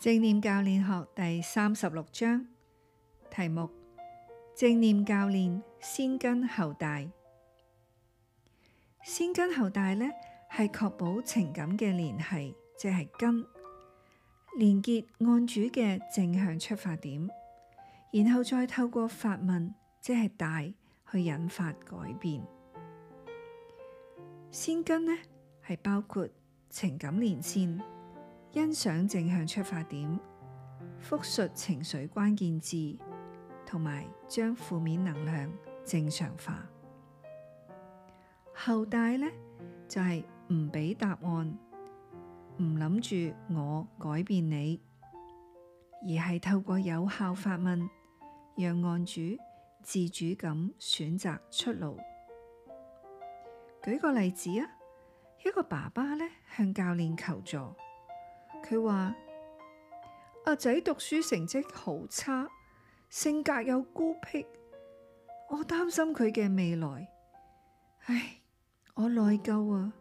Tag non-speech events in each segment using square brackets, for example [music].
正念教練學第三十六章題目：正念教練先跟後帶，先跟後帶呢，係確保情感嘅聯繫，即係跟，連結案主嘅正向出發點，然後再透過發問，即係帶，去引發改變。先跟呢，係包括情感連線。欣賞正向出發點，複述情緒關鍵字，同埋將負面能量正常化。後帶呢，就係唔畀答案，唔諗住我改變你，而係透過有效發問，讓案主自主咁選擇出路。舉個例子啊，一個爸爸呢，向教練求助。佢話阿仔讀書成績好差，性格又孤僻，我擔心佢嘅未來。唉，我內疚啊，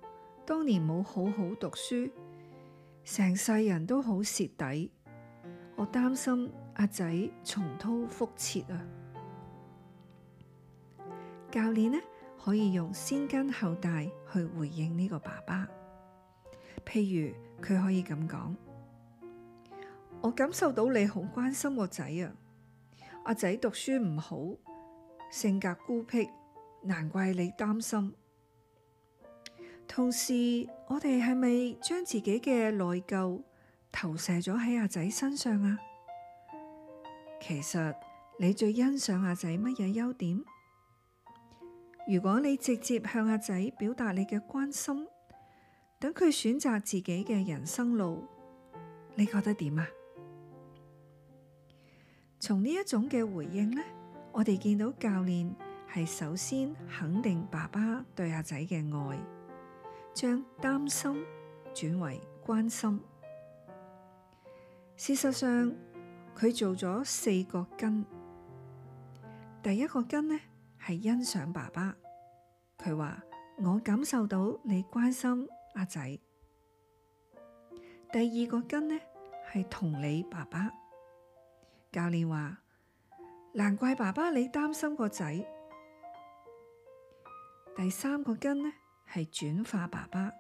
當年冇好好讀書，成世人都好蝕底。我擔心阿仔重蹈覆轍啊。教練呢，可以用先跟後帶去回應呢個爸爸，譬如。佢可以咁講，我感受到你好關心個仔啊。阿仔讀書唔好，性格孤僻，難怪你擔心。同時，我哋係咪將自己嘅內疚投射咗喺阿仔身上啊？其實你最欣賞阿仔乜嘢優點？如果你直接向阿仔表達你嘅關心，等佢選擇自己嘅人生路，你覺得點啊？從呢一種嘅回應呢，我哋見到教練係首先肯定爸爸對阿仔嘅愛，將擔心轉為關心。事實上，佢做咗四個跟，第一個跟呢，係欣賞爸爸，佢話我感受到你關心。阿仔，第二個根呢係同理爸爸。教練話，難怪爸爸你擔心個仔。第三個根呢係轉化爸爸。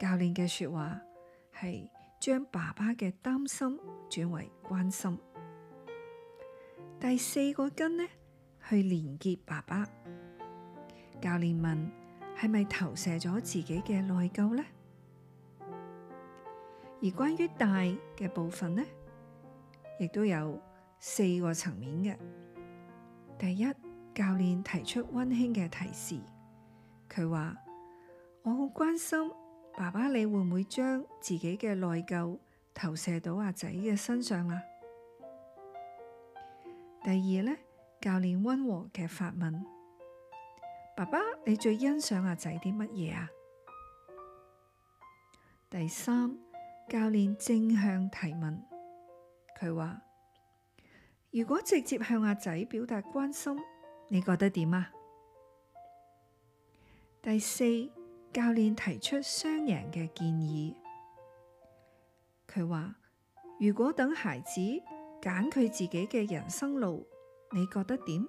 教練嘅說話係將爸爸嘅擔心轉為關心。第四個根呢去連結爸爸。教練問。係咪投射咗自己嘅內疚呢？而關於大嘅部分呢，亦都有四個層面嘅。第一，教練提出溫馨嘅提示，佢話：我好關心爸爸，你會唔會將自己嘅內疚投射到阿仔嘅身上呀？第二呢，教練溫和嘅發問。爸爸，你最欣賞阿仔啲乜嘢啊？第三，教練正向提問，佢話，如果直接向阿仔表達關心，你覺得點啊？第四，教練提出雙贏嘅建議，佢話，如果等孩子揀佢自己嘅人生路，你覺得點？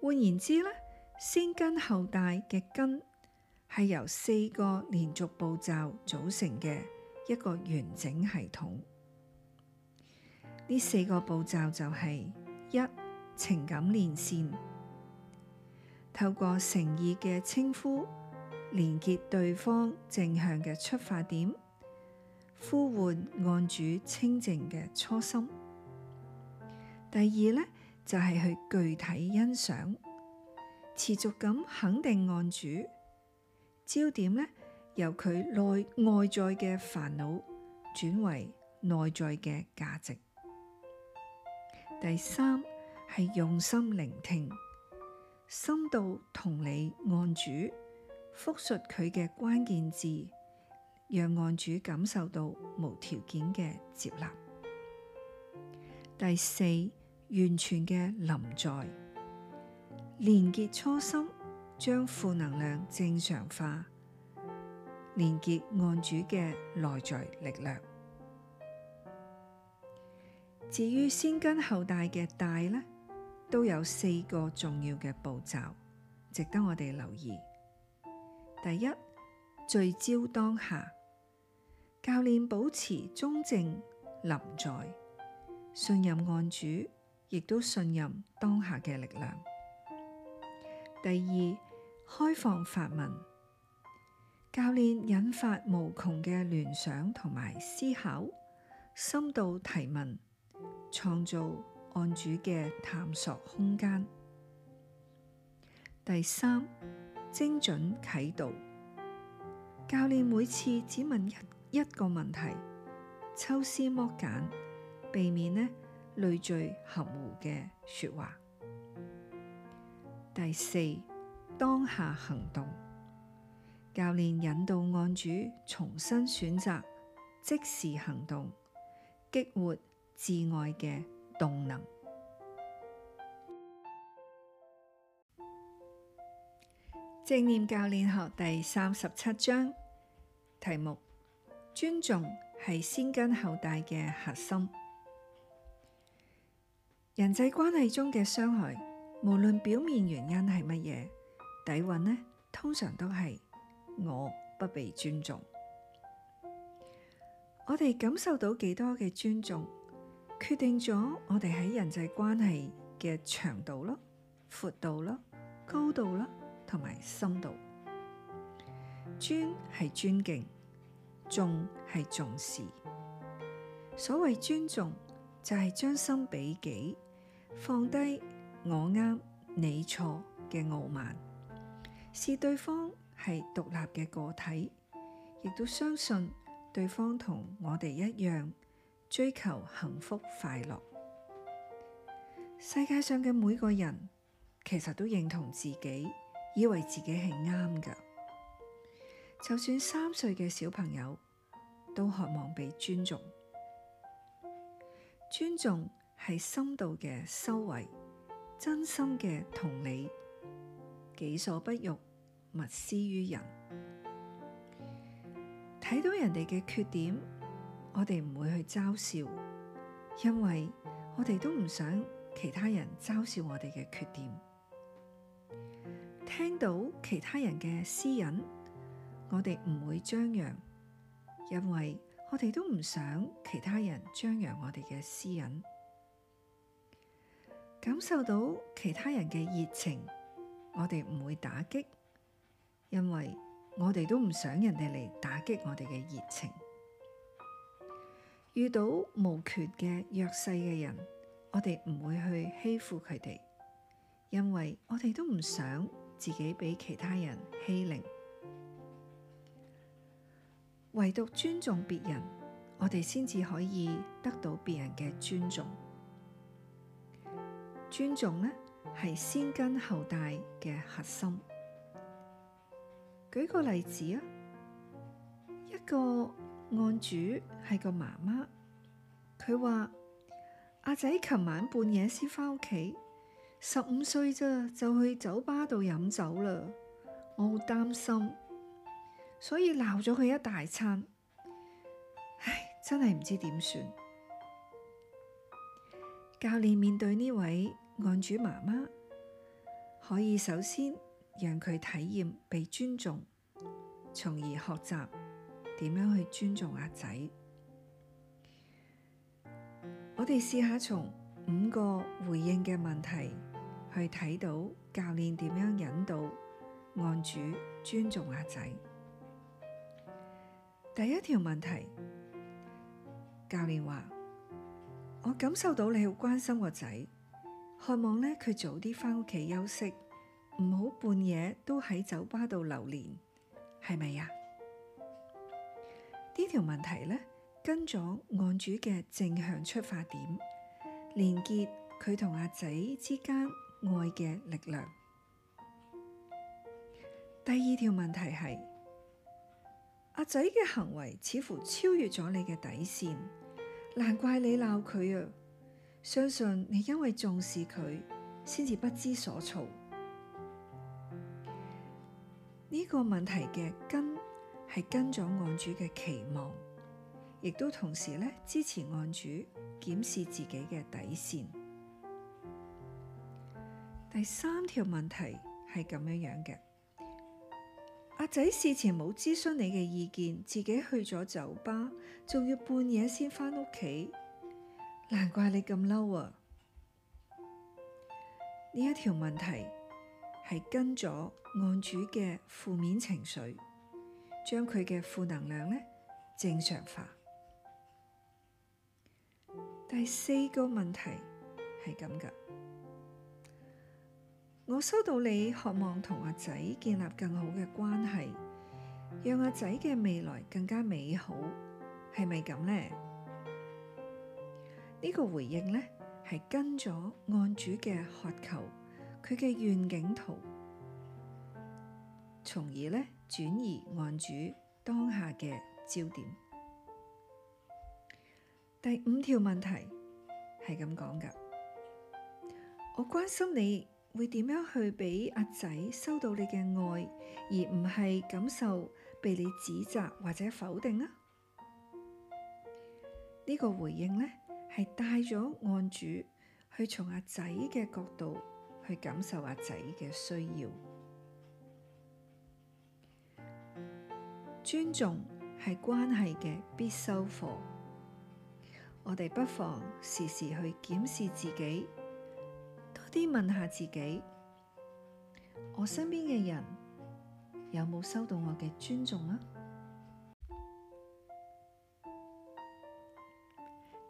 換言之咧，先跟後帶嘅跟係由四個連續步驟組成嘅一個完整系統。呢四個步驟就係、是、一情感連線，透過誠意嘅稱呼，連結對方正向嘅出發點，呼喚案主清淨嘅初心。第二咧。就係去具體欣賞，持續咁肯定案主，焦點呢由佢內外在嘅煩惱轉為內在嘅價值。第三，係用心聆聽，深度同理案主，複述佢嘅關鍵字，讓案主感受到無條件嘅接納。第四。完全嘅臨在，連結初心，將負能量正常化，連結案主嘅內在力量。至於先跟後帶嘅帶呢，都有四個重要嘅步驟，值得我哋留意。第一，聚焦當下，教練保持中正臨在，信任案主。亦都信任當下嘅力量。第二，開放發問，教練引發無窮嘅聯想同埋思考，深度提問，創造案主嘅探索空間。第三，精準啟導，教練每次只問一一個問題，抽絲剝繭，避免呢，累贅含糊嘅說話。第四，當下行動，教練引導案主重新選擇，即時行動，激活自愛嘅動能。正念教練學第三十七章，題目：尊重係先跟後帶嘅核心。人際關係中嘅傷害，無論表面原因係乜嘢，底蘊呢，通常都係我不被尊重。我哋感受到幾多嘅尊重，決定咗我哋喺人際關係嘅長度咯，闊度咯，高度啦同埋深度。尊係尊敬，重係重視。所謂尊重，就係將心比己。放低我啱你錯嘅傲慢，視對方係獨立嘅個體，亦都相信對方同我哋一樣追求幸福快樂。世界上嘅每個人其實都認同自己，以為自己係啱噶。就算三歲嘅小朋友都渴望被尊重，尊重，係深度嘅修為，真心嘅同理，己所不欲，勿施於人。睇到人哋嘅缺點，我哋唔會去嘲笑，因為我哋都唔想其他人嘲笑我哋嘅缺點。聽到其他人嘅私隱，我哋唔會張揚，因為我哋都唔想其他人張揚我哋嘅私隱。感受到其他人嘅熱情，我哋唔會打擊，因為我哋都唔想人哋嚟打擊我哋嘅熱情。遇到無權嘅弱勢嘅人，我哋唔會去欺負佢哋，因為我哋都唔想自己俾其他人欺凌。唯獨尊重別人，我哋先至可以得到別人嘅尊重。尊重呢，係先跟後帶嘅核心。舉個例子啊，一個案主係個媽媽，佢話阿仔琴晚半夜先返屋企，十五歲咋就去酒吧度飲酒啦，我好擔心，所以鬧咗佢一大餐。唉，真係唔知點算。教練面對呢位案主媽媽，可以首先讓佢體驗被尊重，從而學習點樣去尊重阿仔。我哋試下從五個回應嘅問題去睇到教練點樣引導案主尊重阿仔。第一條問題，教練話。我感受到你好關心個仔，渴望咧，佢早啲翻屋企休息，唔好半夜都喺酒吧度流連，係咪呀？呢條問題咧跟咗案主嘅正向出發點，連結佢同阿仔之間愛嘅力量。第二條問題係，阿仔嘅行為似乎超越咗你嘅底線。難怪你鬧佢啊！相信你因為重視佢，先至不知所措。呢個問題嘅根係跟咗案主嘅期望，亦都同時咧支持案主檢視自己嘅底線。第三條問題係咁樣樣嘅。阿仔事前冇咨詢你嘅意見，自己去咗酒吧，仲要半夜先返屋企，難怪你咁嬲啊！呢一條問題係跟咗案主嘅負面情緒，將佢嘅負能量咧正常化。第四個問題係咁噶。我收到你渴望同阿仔建立更好嘅關係，讓阿仔嘅未來更加美好，係咪咁咧？呢個回應咧係跟咗案主嘅渴求，佢嘅願景圖，從而咧轉移案主當下嘅焦點。第五條問題係咁講噶，我關心你，會點樣去俾阿仔收到你嘅愛，而唔係感受被你指責或者否定啊？呢個回應咧係帶咗案主去從阿仔嘅角度去感受阿仔嘅需要。尊重係關係嘅必修課，我哋不妨時時去檢視自己。先問下自己，我身邊嘅人有冇收到我嘅尊重啊？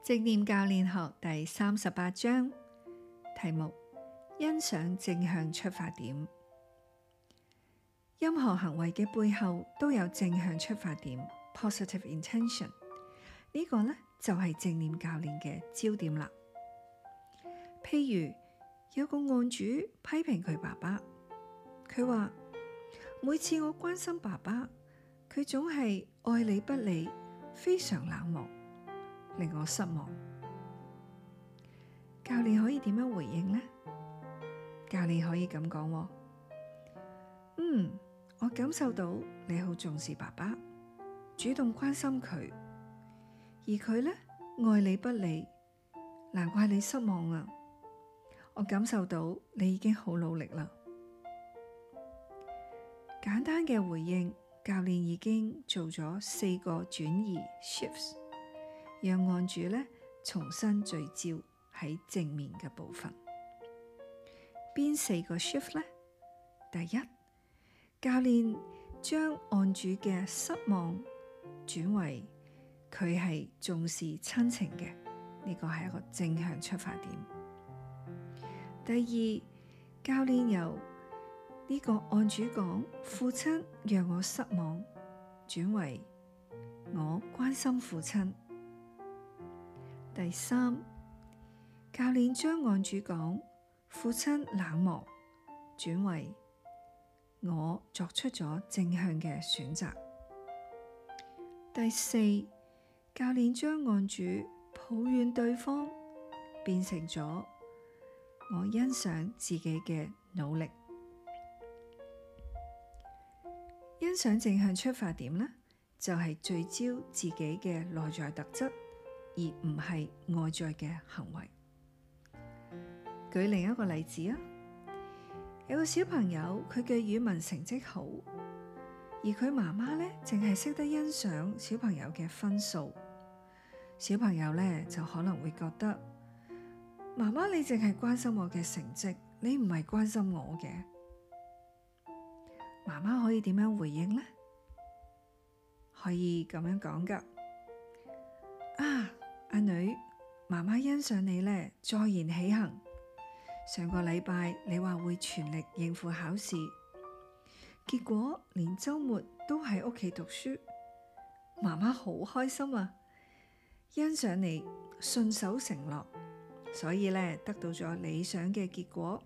正念教練學第三十八章題目：欣賞正向出發點。任何行為嘅背後都有正向出發點 （Positive Intention）。呢個呢，就係正念教練嘅焦點啦。譬如。有個案主批評佢爸爸，佢話每次我關心爸爸，佢總係愛理不理，非常冷漠，令我失望。教練可以點樣回應呢？教練可以咁講：嗯，我感受到你好重視爸爸，主動關心佢，而佢呢，愛理不理，難怪你失望啊！我感受到你已經好努力啦。簡單嘅回應，教練已經做咗四個轉移 shifts，讓案主重新聚焦喺正面嘅部分。邊四個 shift 呢？第一，教練將案主嘅失望轉為佢係重視親情嘅，呢個係一個正向出發點。第二，教練由呢個案主講父親讓我失望，轉為我關心父親。第三，教練將案主講父親冷漠，轉為我作出咗正向嘅選擇。第四，教練將案主抱怨對方變成咗。我欣賞自己嘅努力，欣賞正向出發點呢，就係、是、聚焦自己嘅內在特質，而唔係外在嘅行為。舉另一個例子啊，有個小朋友佢嘅語文成績好，而佢媽媽呢，淨係識得欣賞小朋友嘅分數，小朋友呢，就可能會覺得。媽媽，你淨係關心我嘅成績，你唔係關心我嘅。媽媽可以點樣回應呢？可以咁樣講噶。啊，阿女，媽媽欣賞你呢，坐言起行。上個禮拜你話會全力應付考試，結果連周末都喺屋企讀書，媽媽好開心啊！欣賞你，信守承諾。所以咧，得到咗理想嘅結果。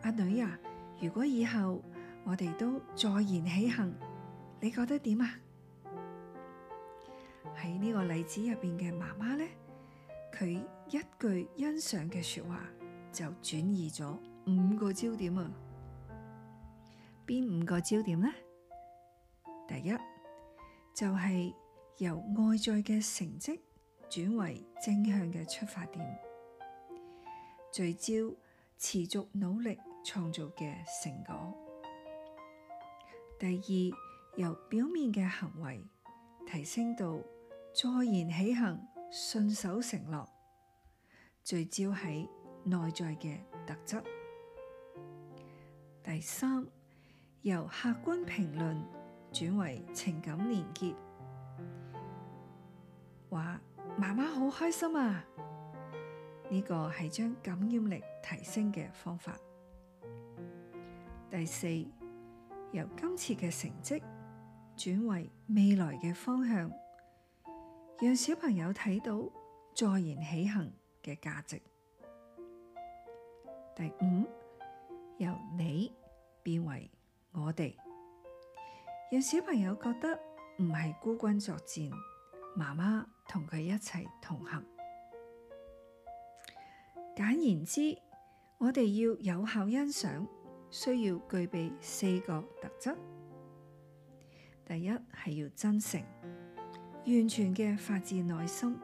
阿女啊，如果以後我哋都再言起行，你覺得點啊？喺呢個例子入邊嘅媽媽咧，佢一句欣賞嘅說話就轉移咗五個焦點啊！邊五個焦點咧？第一就係由外在嘅成績。轉為正向嘅出發點，聚焦持續努力創造嘅成果。第二，由表面嘅行為提升到坐言起行、信守承諾，聚焦喺內在嘅特質。第三，由客觀評論轉為情感連結。媽媽好開心啊！呢個係將感染力提升嘅方法。第四，由今次嘅成績轉為未來嘅方向，讓小朋友睇到再燃起行嘅價值。第五，由你變為我哋，讓小朋友覺得唔係孤軍作戰，媽媽。同佢一齊同行。簡言之，我哋要有效欣賞，需要具備四個特質。第一，係要真誠，完全嘅發自內心，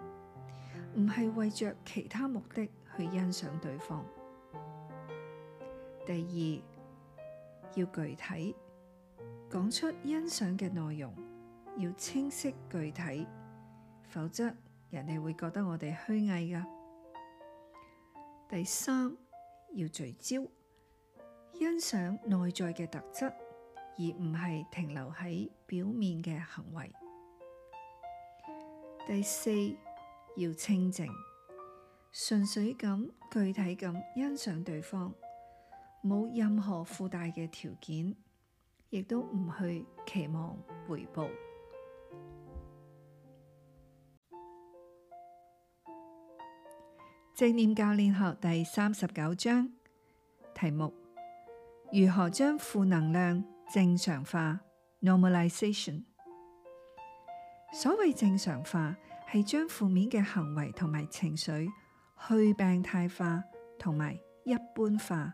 唔係為着其他目的去欣賞對方。第二，要具體，講出欣賞嘅內容，要清晰具體。否則人哋會覺得我哋虛偽㗎。第三，要聚焦，欣賞內在嘅特質，而唔係停留喺表面嘅行為。第四，要清靜，純粹咁具體咁欣賞對方，冇任何附帶嘅條件，亦都唔去期望回報。正念教練學第三十九章題目：如何將負能量正常化 （normalization）？所謂正常化，係將負面嘅行為同埋情緒去病態化同埋一般化，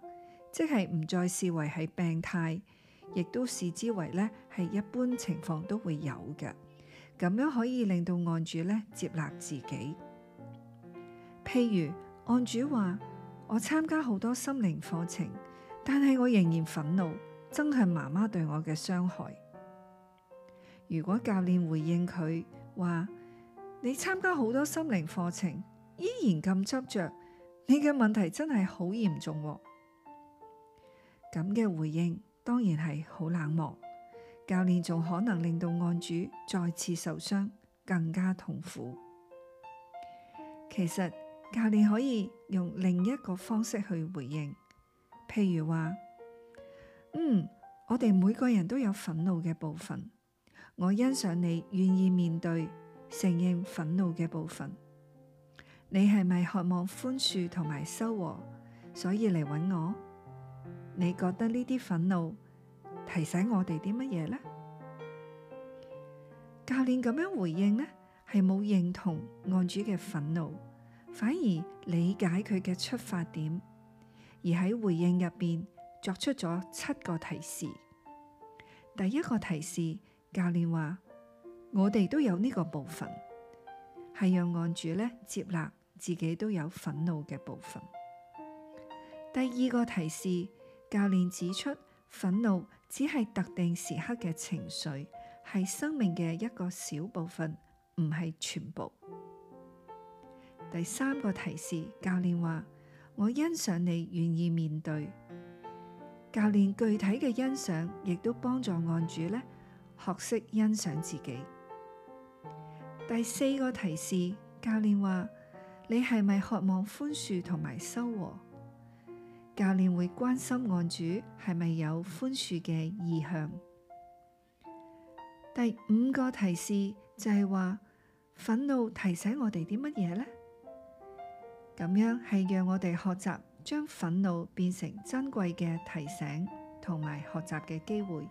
即係唔再視為係病態，亦都視之為咧係一般情況都會有嘅。咁樣可以令到案主咧接納自己。譬如案主話：我參加好多心靈課程，但係我仍然憤怒，憎恨媽媽對我嘅傷害。如果教練回應佢話：你參加好多心靈課程，依然咁執着，你嘅問題真係好嚴重。咁嘅回應當然係好冷漠，教練仲可能令到案主再次受傷，更加痛苦。其實。教練可以用另一個方式去回應，譬如話：嗯，我哋每個人都有憤怒嘅部分。我欣賞你願意面對、承認憤怒嘅部分。你係咪渴望寬恕同埋修和，所以嚟搵我？你覺得呢啲憤怒提醒我哋啲乜嘢呢？教練咁樣回應呢，係冇認同案主嘅憤怒。反而理解佢嘅出發點，而喺回應入邊作出咗七個提示。第一個提示，教練話：我哋都有呢個部分，係讓案主咧接納自己都有憤怒嘅部分。第二個提示，教練指出，憤怒只係特定時刻嘅情緒，係生命嘅一個小部分，唔係全部。第三個提示，教練話，我欣賞你願意面對。教練具體嘅欣賞，亦都幫助案主呢學識欣賞自己。第四個提示，教練話，你係咪渴望寬恕同埋修和？教練會關心案主係咪有寬恕嘅意向。第五個提示就係話憤怒提醒我哋啲乜嘢呢？咁樣係讓我哋學習將憤怒變成珍貴嘅提醒同埋學習嘅機會。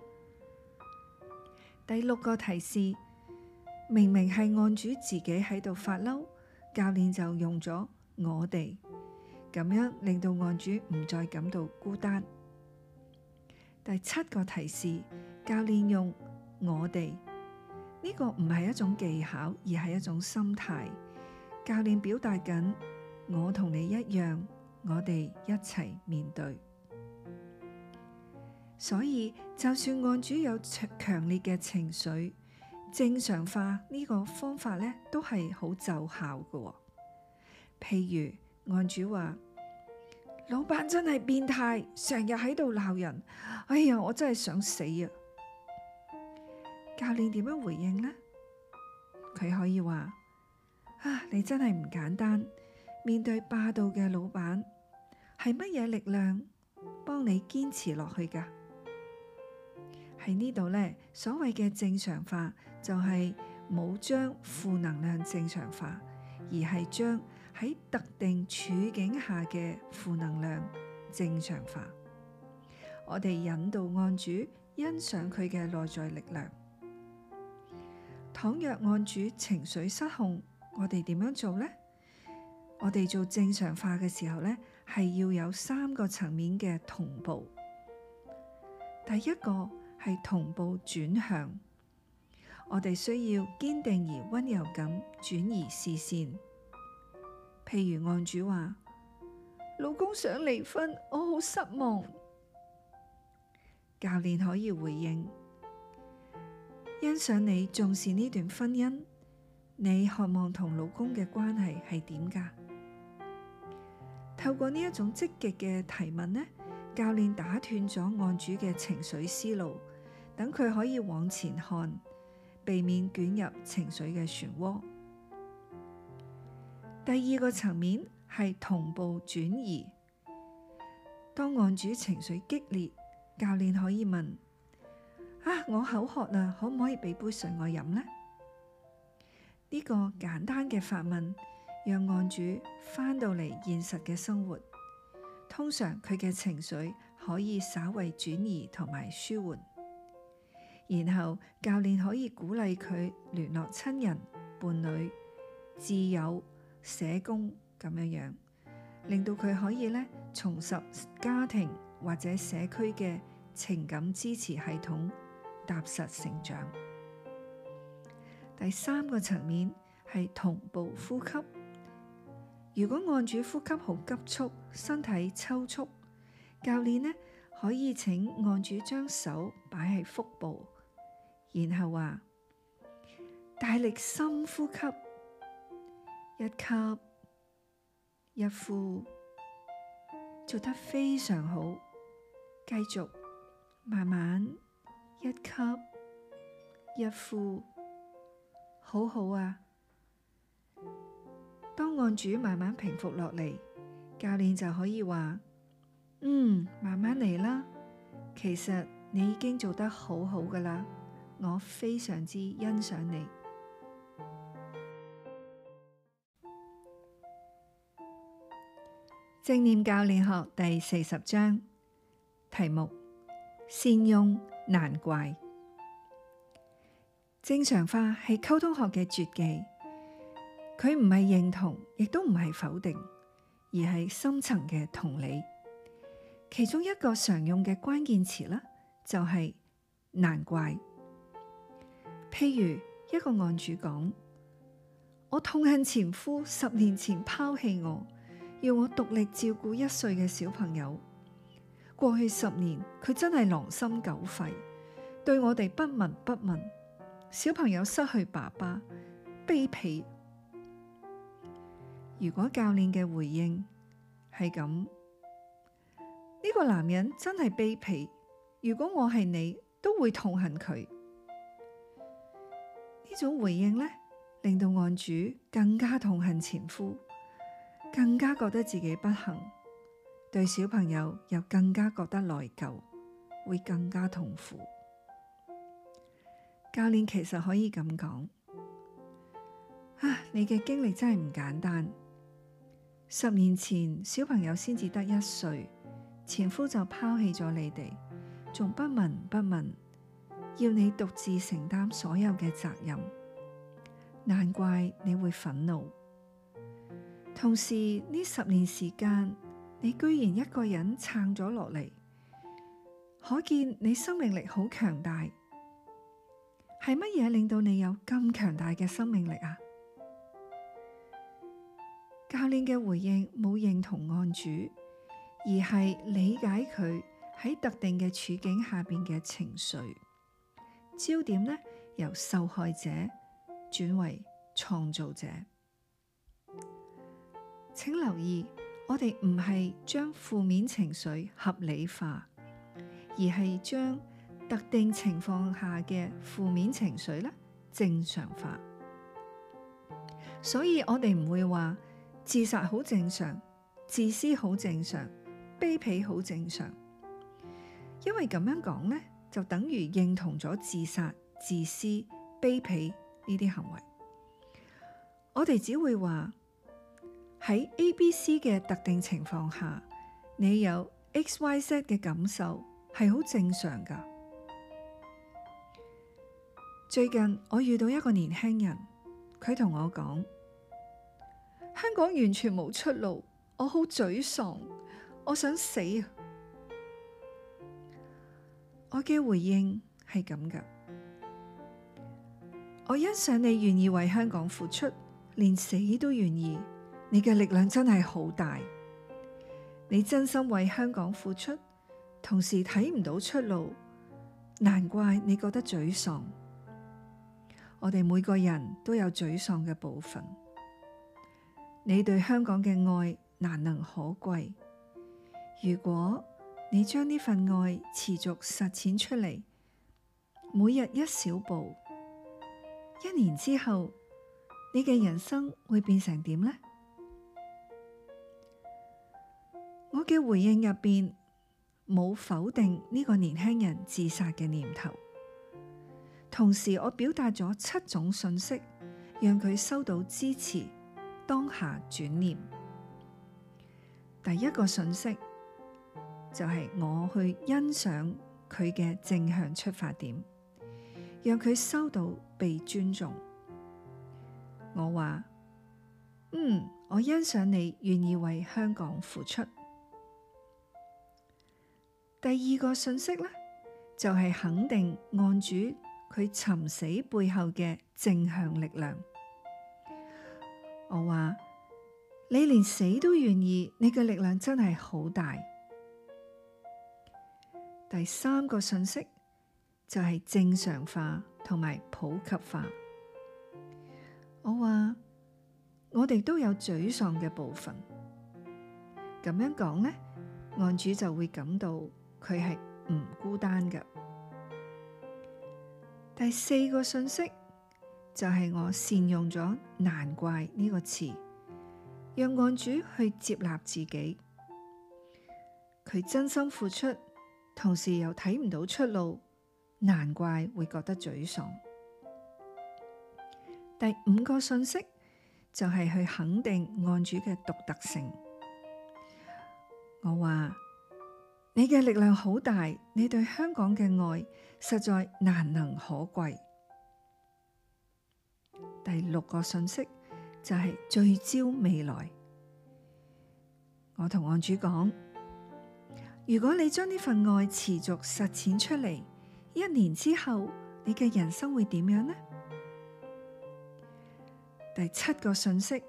第六個提示，明明係案主自己喺度發嬲，教練就用咗我哋，咁樣令到案主唔再感到孤單。第七個提示，教練用我哋，呢個唔係一種技巧，而係一種心態。教練表達緊。我同你一樣，我哋一齊面對。所以就算案主有強烈嘅情緒，正常化呢個方法咧都係好奏效嘅。譬如案主話：老闆真係變態，成日喺度鬧人。哎呀，我真係想死啊！教練點樣回應呢？佢可以話：啊，你真係唔簡單。面對霸道嘅老闆，係乜嘢力量幫你堅持落去㗎？喺呢度呢，所謂嘅正常化，就係冇將負能量正常化，而係將喺特定處境下嘅負能量正常化。我哋引導案主欣賞佢嘅內在力量。倘若案主情緒失控，我哋點樣做呢？我哋做正常化嘅時候呢，係要有三個層面嘅同步。第一個係同步轉向，我哋需要堅定而温柔咁轉移視線。譬如案主話：「老公想離婚，我好失望。」教練可以回應：「欣賞你重視呢段婚姻，你渴望同老公嘅關係係點㗎？」透過呢一種積極嘅提問呢，教練打斷咗案主嘅情緒思路，等佢可以往前看，避免捲入情緒嘅漩渦。第二個層面係同步轉移，當案主情緒激烈，教練可以問：啊，我口渴啦，可唔可以俾杯水我飲呢？呢、這個簡單嘅發問。讓案主返到嚟現實嘅生活，通常佢嘅情緒可以稍為轉移同埋舒緩，然後教練可以鼓勵佢聯絡親人、伴侶、摯友、社工咁樣樣，令到佢可以咧重拾家庭或者社區嘅情感支持系統，踏實成長。第三個層面係同步呼吸。如果按住呼吸好急促，身體抽搐，教練呢可以請按住將手擺喺腹部，然後話大力深呼吸，一吸一呼，做得非常好，繼續慢慢一吸一呼，好好啊。案主慢慢平復落嚟，教練就可以話：嗯，慢慢嚟啦。其實你已經做得好好噶啦，我非常之欣賞你。正念教練學第四十章，題目善用難怪，正常化係溝通學嘅絕技。佢唔係認同，亦都唔係否定，而係深層嘅同理。其中一個常用嘅關鍵詞啦，就係難怪。譬如一個案主講：我痛恨前夫十年前拋棄我，要我獨力照顧一歲嘅小朋友。過去十年，佢真係狼心狗肺，對我哋不聞不問。小朋友失去爸爸，卑鄙。如果教練嘅回應係咁，呢個男人真係卑鄙。如果我係你，都會痛恨佢。呢種回應呢，令到案主更加痛恨前夫，更加覺得自己不幸，對小朋友又更加覺得內疚，會更加痛苦。教練其實可以咁講：啊，你嘅經歷真係唔簡單。十年前，小朋友先至得一歲，前夫就拋棄咗你哋，仲不聞不問，要你獨自承擔所有嘅責任，難怪你會憤怒。同時呢十年時間，你居然一個人撐咗落嚟，可見你生命力好強大。係乜嘢令到你有咁強大嘅生命力啊？教練嘅回應冇認同案主，而係理解佢喺特定嘅處境下邊嘅情緒。焦點呢，由受害者轉為創造者。請留意，我哋唔係將負面情緒合理化，而係將特定情況下嘅負面情緒咧正常化。所以我，我哋唔會話。自殺好正常，自私好正常，卑鄙好正常。因為咁樣講咧，就等於認同咗自殺、自私、卑鄙呢啲行為。我哋只會話喺 A、B、C 嘅特定情況下，你有 X、Y、Z 嘅感受係好正常噶。最近我遇到一個年輕人，佢同我講：香港完全冇出路，我好沮喪，我想死啊！我嘅回應係咁噶，我欣賞你願意為香港付出，連死都願意。你嘅力量真係好大，你真心為香港付出，同時睇唔到出路，難怪你覺得沮喪。我哋每個人都有沮喪嘅部分。你對香港嘅愛難能可貴。如果你將呢份愛持續實踐出嚟，每日一小步，一年之後，你嘅人生會變成點呢？我嘅回應入邊冇否定呢個年輕人自殺嘅念頭，同時我表達咗七種信息，讓佢收到支持。當下轉念，第一個訊息就係我去欣賞佢嘅正向出發點，讓佢收到被尊重。我話：嗯，我欣賞你願意為香港付出。第二個訊息呢，就係肯定案主佢尋死背後嘅正向力量。我話，你連死都願意，你嘅力量真係好大。第三個信息就係正常化同埋普及化。我話我哋都有沮喪嘅部分，咁樣講呢，案主就會感到佢係唔孤單㗎。第四個信息，就係我善用咗難怪呢個詞，讓案主去接納自己，佢真心付出，同時又睇唔到出路，難怪會覺得沮喪。第五個信息就係去肯定案主嘅獨特性。我話你嘅力量好大，你對香港嘅愛實在難能可貴。第六個信息就係聚焦未來，我同案主講，如果你將呢份愛持續實踐出嚟，一年之後你嘅人生會點樣呢？第七個信息，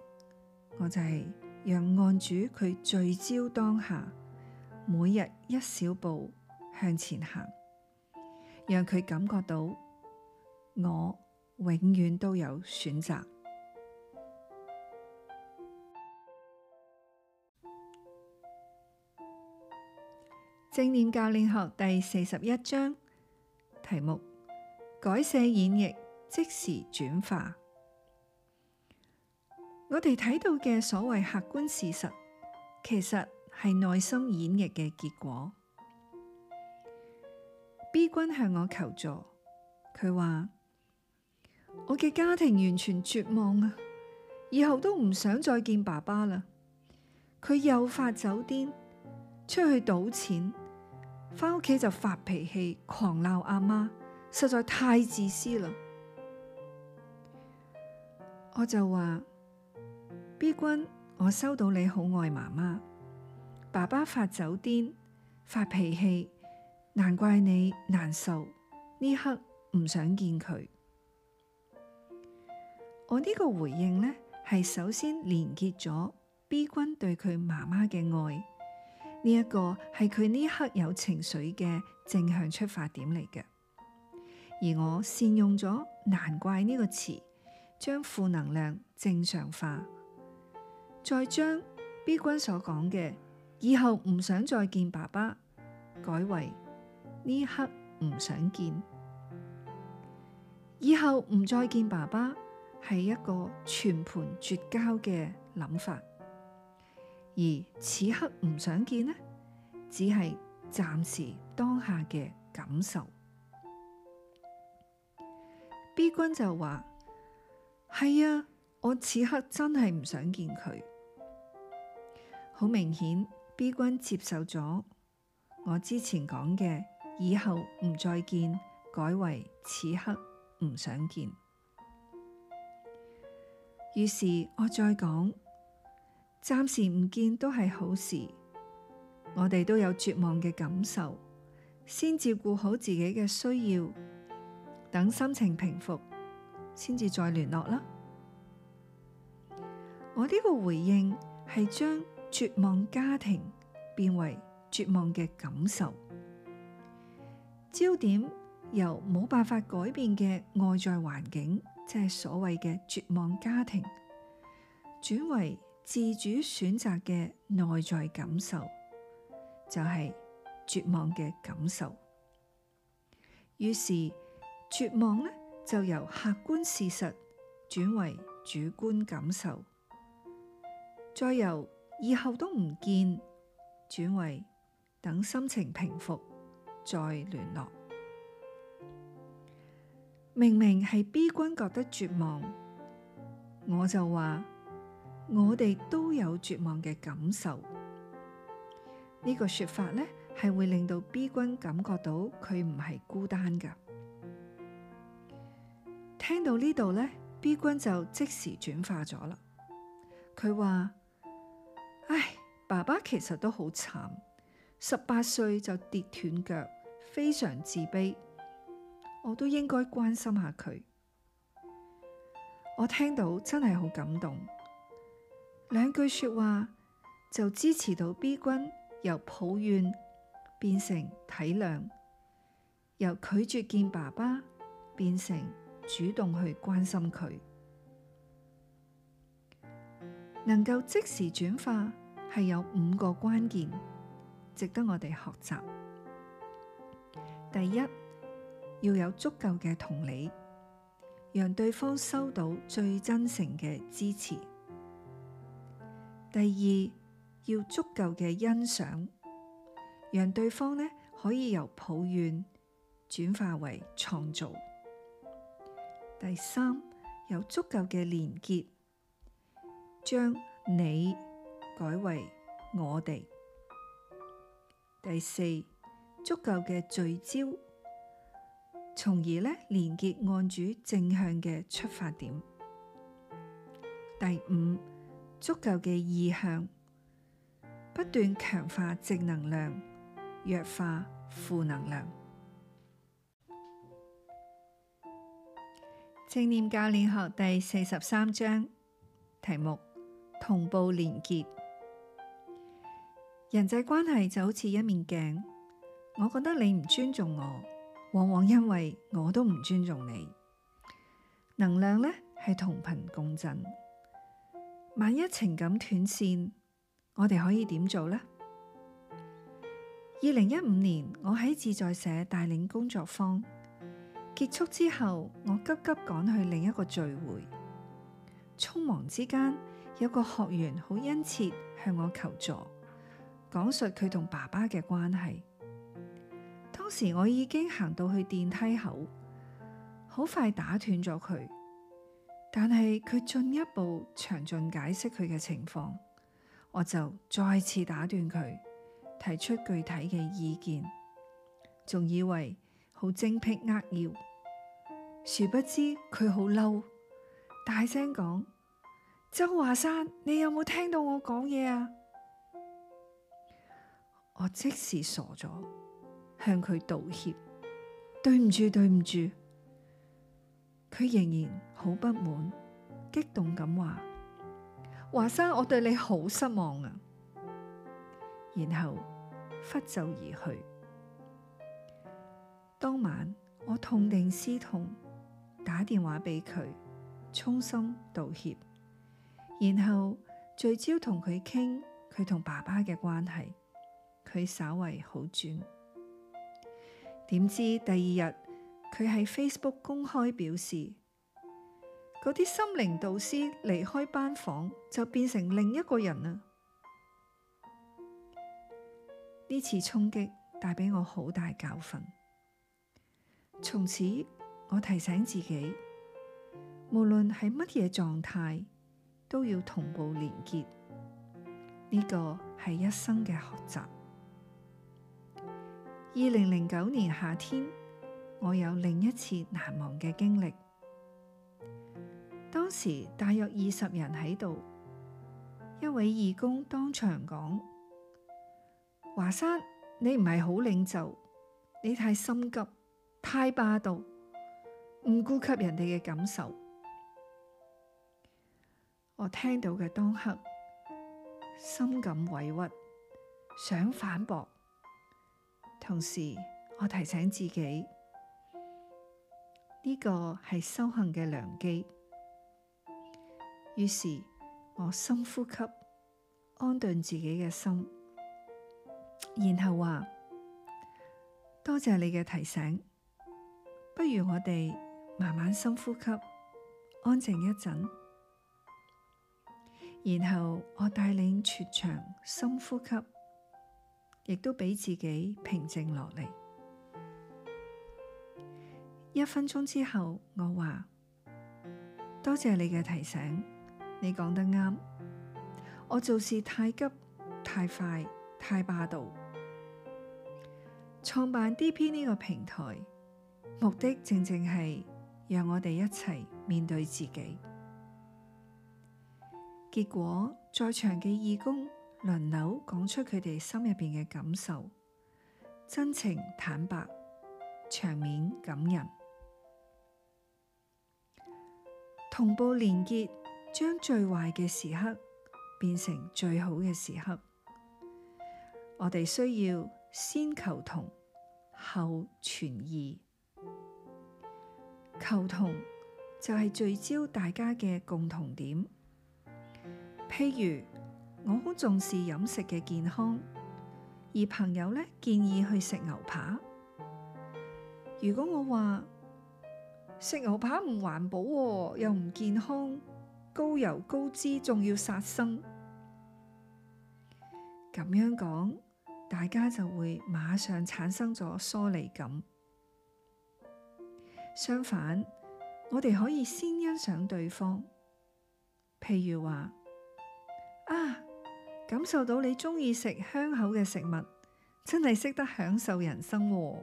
我就係讓案主佢聚焦當下，每日一小步向前行，讓佢感覺到我。永遠都有選擇。正念教練學第四十一章，題目：改寫演繹，即時轉化。我哋睇到嘅所謂客觀事實，其實係內心演繹嘅結果。B 君向我求助，佢話：我嘅家庭完全絕望啊！以後都唔想再見爸爸啦。佢又發酒癲，出去賭錢，翻屋企就發脾氣，狂鬧阿媽，實在太自私啦。我就話 B 君，我收到你好愛媽媽，爸爸發酒癲，發脾氣，難怪你難受，呢刻唔想見佢。我呢個回應呢，係首先連結咗 B 君對佢媽媽嘅愛，呢一個係佢呢刻有情緒嘅正向出發點嚟嘅。而我善用咗難怪呢個詞，將負能量正常化，再將 B 君所講嘅以後唔想再見爸爸，改為呢刻唔想見，以後唔再見爸爸，係一個全盤絕交嘅諗法，而此刻唔想見呢，只係暫時當下嘅感受。B 君就話：係啊，我此刻真係唔想見佢。好明顯，B 君接受咗我之前講嘅，以後唔再見，改為此刻唔想見。於是我再講，暫時唔見都係好事，我哋都有絕望嘅感受，先照顧好自己嘅需要，等心情平復，先至再聯絡啦。我呢個回應係將絕望家庭變為絕望嘅感受，焦點由冇辦法改變嘅外在環境。即係所謂嘅絕望家庭，轉為自主選擇嘅內在感受，就係絕望嘅感受。於是絕望咧，就由客觀事實轉為主觀感受，再由以後都唔見，轉為等心情平復再聯絡。明明係 B 君覺得絕望，我就話我哋都有絕望嘅感受。呢個說法咧，係會令到 B 君感覺到佢唔係孤單噶。聽到呢度咧，B 君就即時轉化咗啦。佢話：唉，爸爸其實都好慘，十八歲就跌斷腳，非常自卑。我都應該關心下佢。我聽到真係好感動，兩句說話就支持到 B 君由抱怨變成體諒，由拒絕見爸爸變成主動去關心佢。能夠即時轉化係有五個關鍵，值得我哋學習。第一。要有足夠嘅同理，讓對方收到最真誠嘅支持。第二，要足夠嘅欣賞，讓對方呢可以由抱怨轉化為創造。第三，有足夠嘅連結，將你改為我哋。第四，足夠嘅聚焦。從而咧連結案主正向嘅出發點。第五，足夠嘅意向，不斷強化正能量，弱化負能量。正念教練學第四十三章題目：同步連結。人際關係就好似一面鏡，我覺得你唔尊重我。往往因為我都唔尊重你，能量呢係同頻共振。萬一情感斷線，我哋可以點做呢？二零一五年我喺自在社帶領工作坊結束之後，我急急趕去另一個聚會。匆忙之間，有個學員好殷切向我求助，講述佢同爸爸嘅關係。當時我已經行到去電梯口，好快打斷咗佢。但係佢進一步詳盡解釋佢嘅情況，我就再次打斷佢，提出具體嘅意見，仲以為好精闢扼要，殊不知佢好嬲，大聲講：周華山，你有冇聽到我講嘢啊？我即時傻咗。向佢道歉，對唔住，對唔住。佢仍然好不滿，激動咁話：華山，我對你好失望啊！然後拂袖而去。當晚我痛定思痛，打電話俾佢，衷心道歉，然後聚焦同佢傾佢同爸爸嘅關係，佢稍為好轉。點知第二日佢喺 Facebook 公開表示，嗰啲心靈導師離開班房就變成另一個人啦！呢次衝擊帶畀我好大教訓，從此我提醒自己，無論係乜嘢狀態，都要同步連結，呢個係一生嘅學習。二零零九年夏天，我有另一次難忘嘅經歷。當時大約二十人喺度，一位義工當場講：華山，你唔係好領袖，你太心急，太霸道，唔顧及人哋嘅感受。我聽到嘅當刻，深感委屈，想反駁。同時，我提醒自己呢個係修行嘅良機。於是，我深呼吸，安頓自己嘅心，然後話：多謝你嘅提醒。不如我哋慢慢深呼吸，安靜一陣。然後，我帶領全場深呼吸。亦都畀自己平靜落嚟。一分鐘之後，我話：多謝你嘅提醒，你講得啱。我做事太急、太快、太霸道。創辦 DP 呢個平台，目的正正係讓我哋一齊面對自己。結果在場嘅義工，輪流講出佢哋心入邊嘅感受，真情坦白，場面感人。同步連結，將最壞嘅時刻變成最好嘅時刻。我哋需要先求同，後存異。求同就係聚焦大家嘅共同點，譬如。我好重視飲食嘅健康，而朋友呢建議去食牛扒。如果我話食牛扒唔環保、啊，又唔健康，高油高脂，仲要殺生，咁樣講，大家就會馬上產生咗疏離感。相反，我哋可以先欣賞對方，譬如話啊。感受到你鍾意食香口嘅食物，真係識得享受人生喎。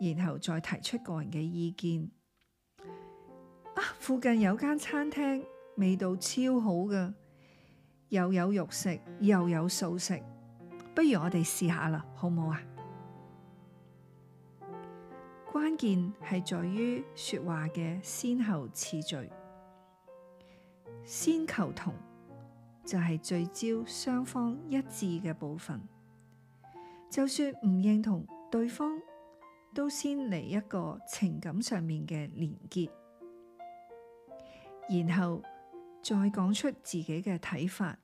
然後再提出個人嘅意見，啊，附近有間餐廳，味道超好㗎，又有肉食又有素食，不如我哋試下啦，好唔好啊？關鍵係在於說話嘅先後次序，先求同，就係聚焦雙方一致嘅部分，就算唔認同對方，都先嚟一個情感上面嘅連結，然後再講出自己嘅睇法，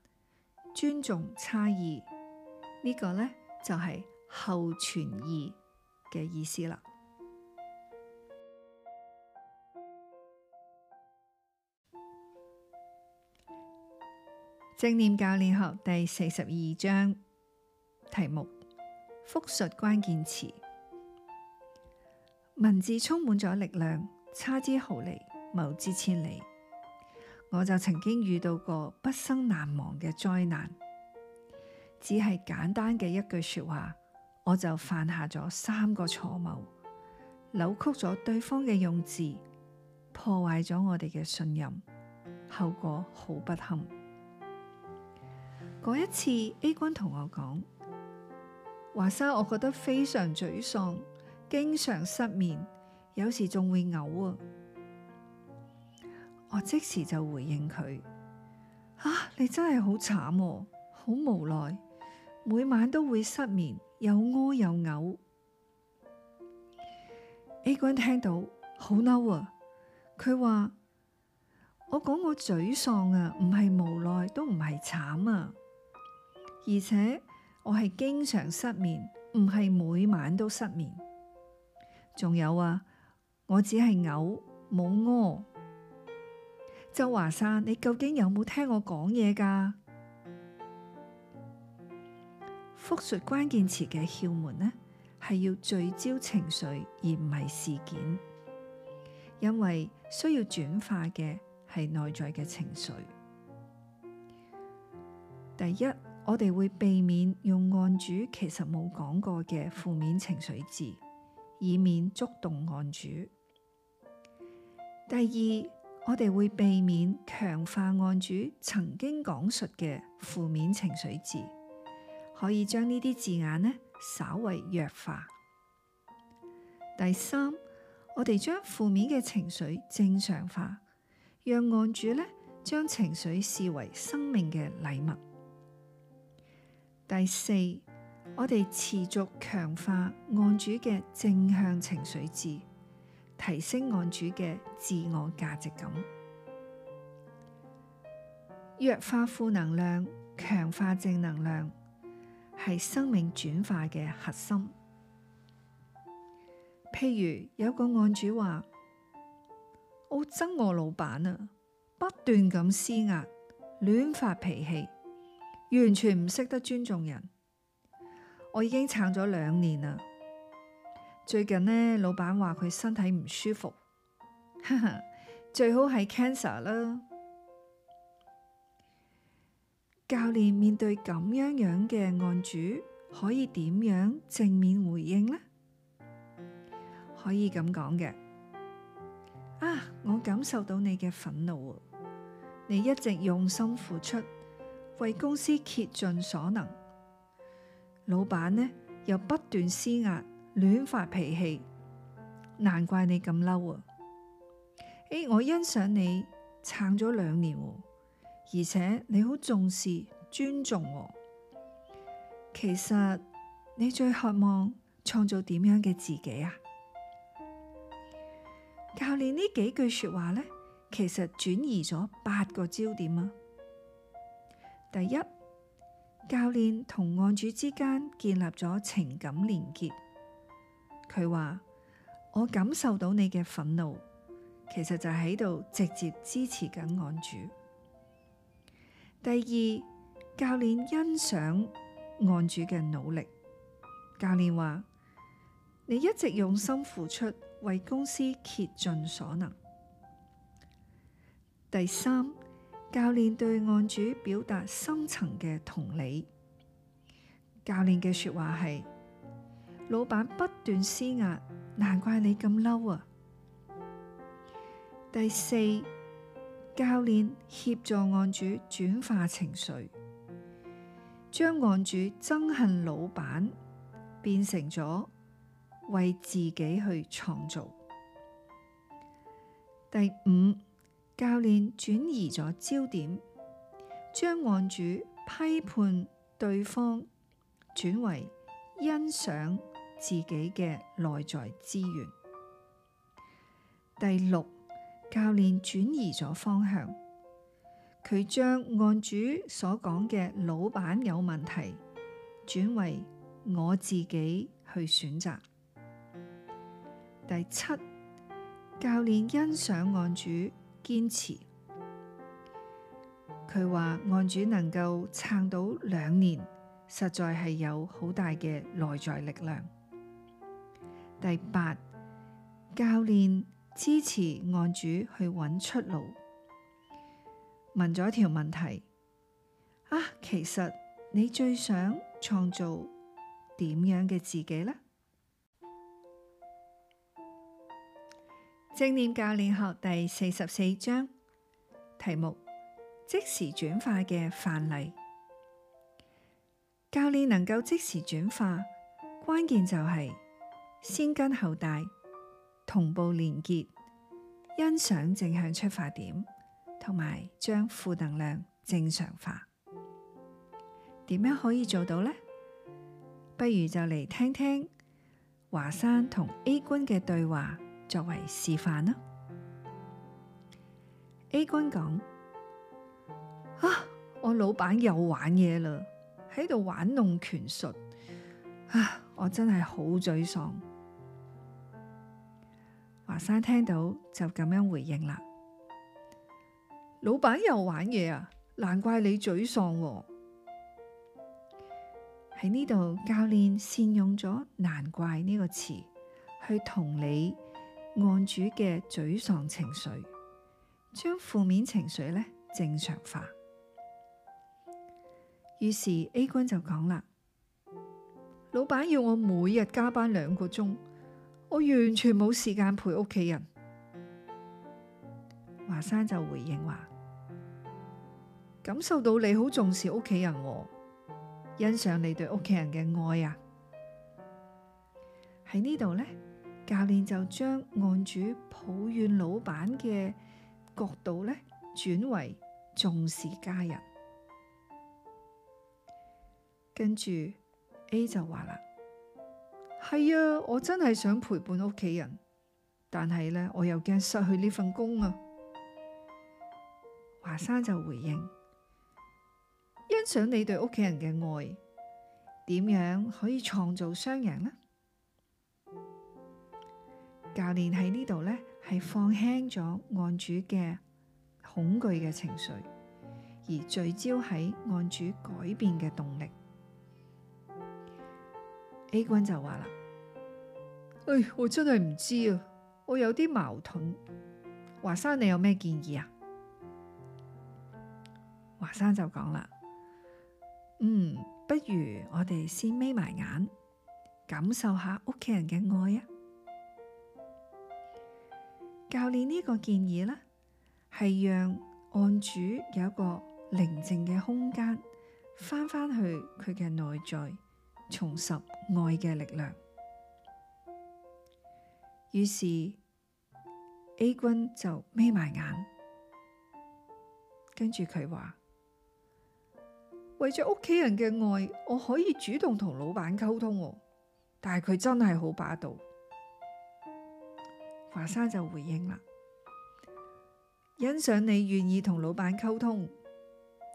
尊重差異，呢、這個呢，就係、是、後傳意嘅意思啦。正念教練學第四十二章題目復述關鍵詞，文字充滿咗力量，差之毫厘謬之千里。我就曾經遇到過不生難忘嘅災難，只係簡單嘅一句說話，我就犯下咗三個錯誤，扭曲咗對方嘅用字，破壞咗我哋嘅信任，後果好不堪。嗰一次，A 君同我講，華山，我覺得非常沮喪，經常失眠，有時仲會嘔啊。我即時就回應佢：啊，你真係好慘，好無奈，每晚都會失眠，又屙又嘔。A 君聽到好嬲啊，佢話，我講我沮喪啊，唔係無奈，都唔係慘啊。而且我係經常失眠，唔係每晚都失眠。仲有啊，我只係嘔冇屙。周華山，你究竟有冇聽我講嘢噶？複述關鍵詞嘅竅門呢，係要聚焦情緒而唔係事件，因為需要轉化嘅係內在嘅情緒。第一。我哋會避免用案主其實冇講過嘅負面情緒字，以免觸動案主。第二，我哋會避免強化案主曾經講述嘅負面情緒字，可以將呢啲字眼呢稍微弱化。第三，我哋將負面嘅情緒正常化，讓案主呢將情緒視為生命嘅禮物。第四，我哋持續強化案主嘅正向情緒字，提升案主嘅自我價值感，弱化負能量，強化正能量，係生命轉化嘅核心。譬如有個案主話：「我憎我老闆啊，不斷咁施壓，亂發脾氣。完全唔識得尊重人，我已經撐咗兩年啦。最近呢，老闆話佢身體唔舒服，哈哈，最好係 cancer 啦。教練面對咁樣樣嘅案主，可以點樣正面回應呢？可以咁講嘅，啊，我感受到你嘅憤怒，你一直用心付出。為公司竭盡所能，老闆呢又不斷施壓、亂發脾氣，難怪你咁嬲啊！誒、哎，我欣賞你撐咗兩年，而且你好重視、尊重我。其實你最渴望創造點樣嘅自己啊？教練呢幾句說話咧，其實轉移咗八個焦點啊！第一，教練同案主之間建立咗情感連結。佢話：我感受到你嘅憤怒，其實就喺度直接支持緊案主。第二，教練欣賞案主嘅努力。教練話：你一直用心付出，為公司竭盡所能。第三。教練對案主表達深層嘅同理。教練嘅說話係：老闆不斷施壓，難怪你咁嬲啊！第四，教練協助案主轉化情緒，將案主憎恨老闆變成咗為自己去創造。第五。教練轉移咗焦點，將案主批判對方轉為欣賞自己嘅內在資源。第六，教練轉移咗方向，佢將案主所講嘅老闆有問題轉為我自己去選擇。第七，教練欣賞案主。堅持，佢話案主能夠撐到兩年，實在係有好大嘅內在力量。第八，教練支持案主去揾出路，問咗一條問題：「啊，其實你最想創造點樣嘅自己呢？」正念教練學第四十四章題目，即時轉化嘅範例。教練能夠即時轉化，關鍵就係先跟後帶，同步連結，欣賞正向出發點，同埋將負能量正常化。點樣可以做到呢？不如就嚟聽聽華山同 A 君嘅對話。作為示範啦，A 君講、啊：啊，我老闆又玩嘢啦，喺度玩弄拳術啊，我真係好沮喪。華山聽到就咁樣回應啦，老闆又玩嘢啊，難怪你沮喪喎、啊。喺呢度，教練善用咗難怪呢個詞去同你。案主嘅沮喪情緒，將負面情緒咧正常化。於是 A 君就講啦：，老板要我每日加班兩個鐘，我完全冇時間陪屋企人。華山就回應話：，感受到你好重視屋企人喎，欣賞你對屋企人嘅愛啊！喺呢度呢。教練就將案主抱怨老闆嘅角度咧，轉為重視家人。跟住 A 就話啦：，係啊，我真係想陪伴屋企人，但係咧，我又驚失去呢份工啊。華山就回應：，欣賞你對屋企人嘅愛，點樣可以創造雙贏呢？教練喺呢度咧，係放輕咗案主嘅恐懼嘅情緒，而聚焦喺案主改變嘅動力。A 君就話啦：，誒，我真係唔知啊，我有啲矛盾。華山，你有咩建議啊？華山就講啦：，嗯，不如我哋先眯埋眼，感受下屋企人嘅愛啊！教練呢個建議呢，係讓案主有一個寧靜嘅空間，翻返去佢嘅內在，重拾愛嘅力量。於是 A 君就眯埋眼，跟住佢話：為咗屋企人嘅愛，我可以主動同老闆溝通喎。但係佢真係好霸道。華山就回應啦，欣賞你願意同老闆溝通，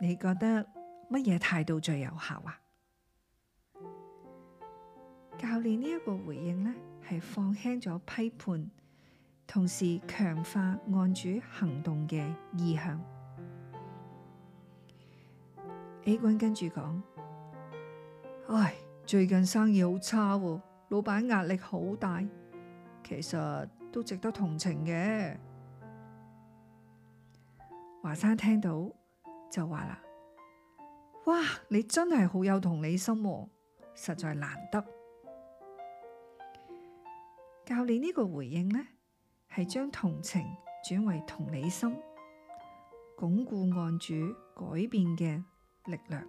你覺得乜嘢態度最有效啊？教練呢一個回應呢，係放輕咗批判，同時強化案主行動嘅意向。A 君跟住講：唉，最近生意好差，老闆壓力好大，其實。都值得同情嘅。華山聽到就話啦：「哇，你真係好有同理心，實在難得。」教練呢個回應呢，係將同情轉為同理心，鞏固案主改變嘅力量。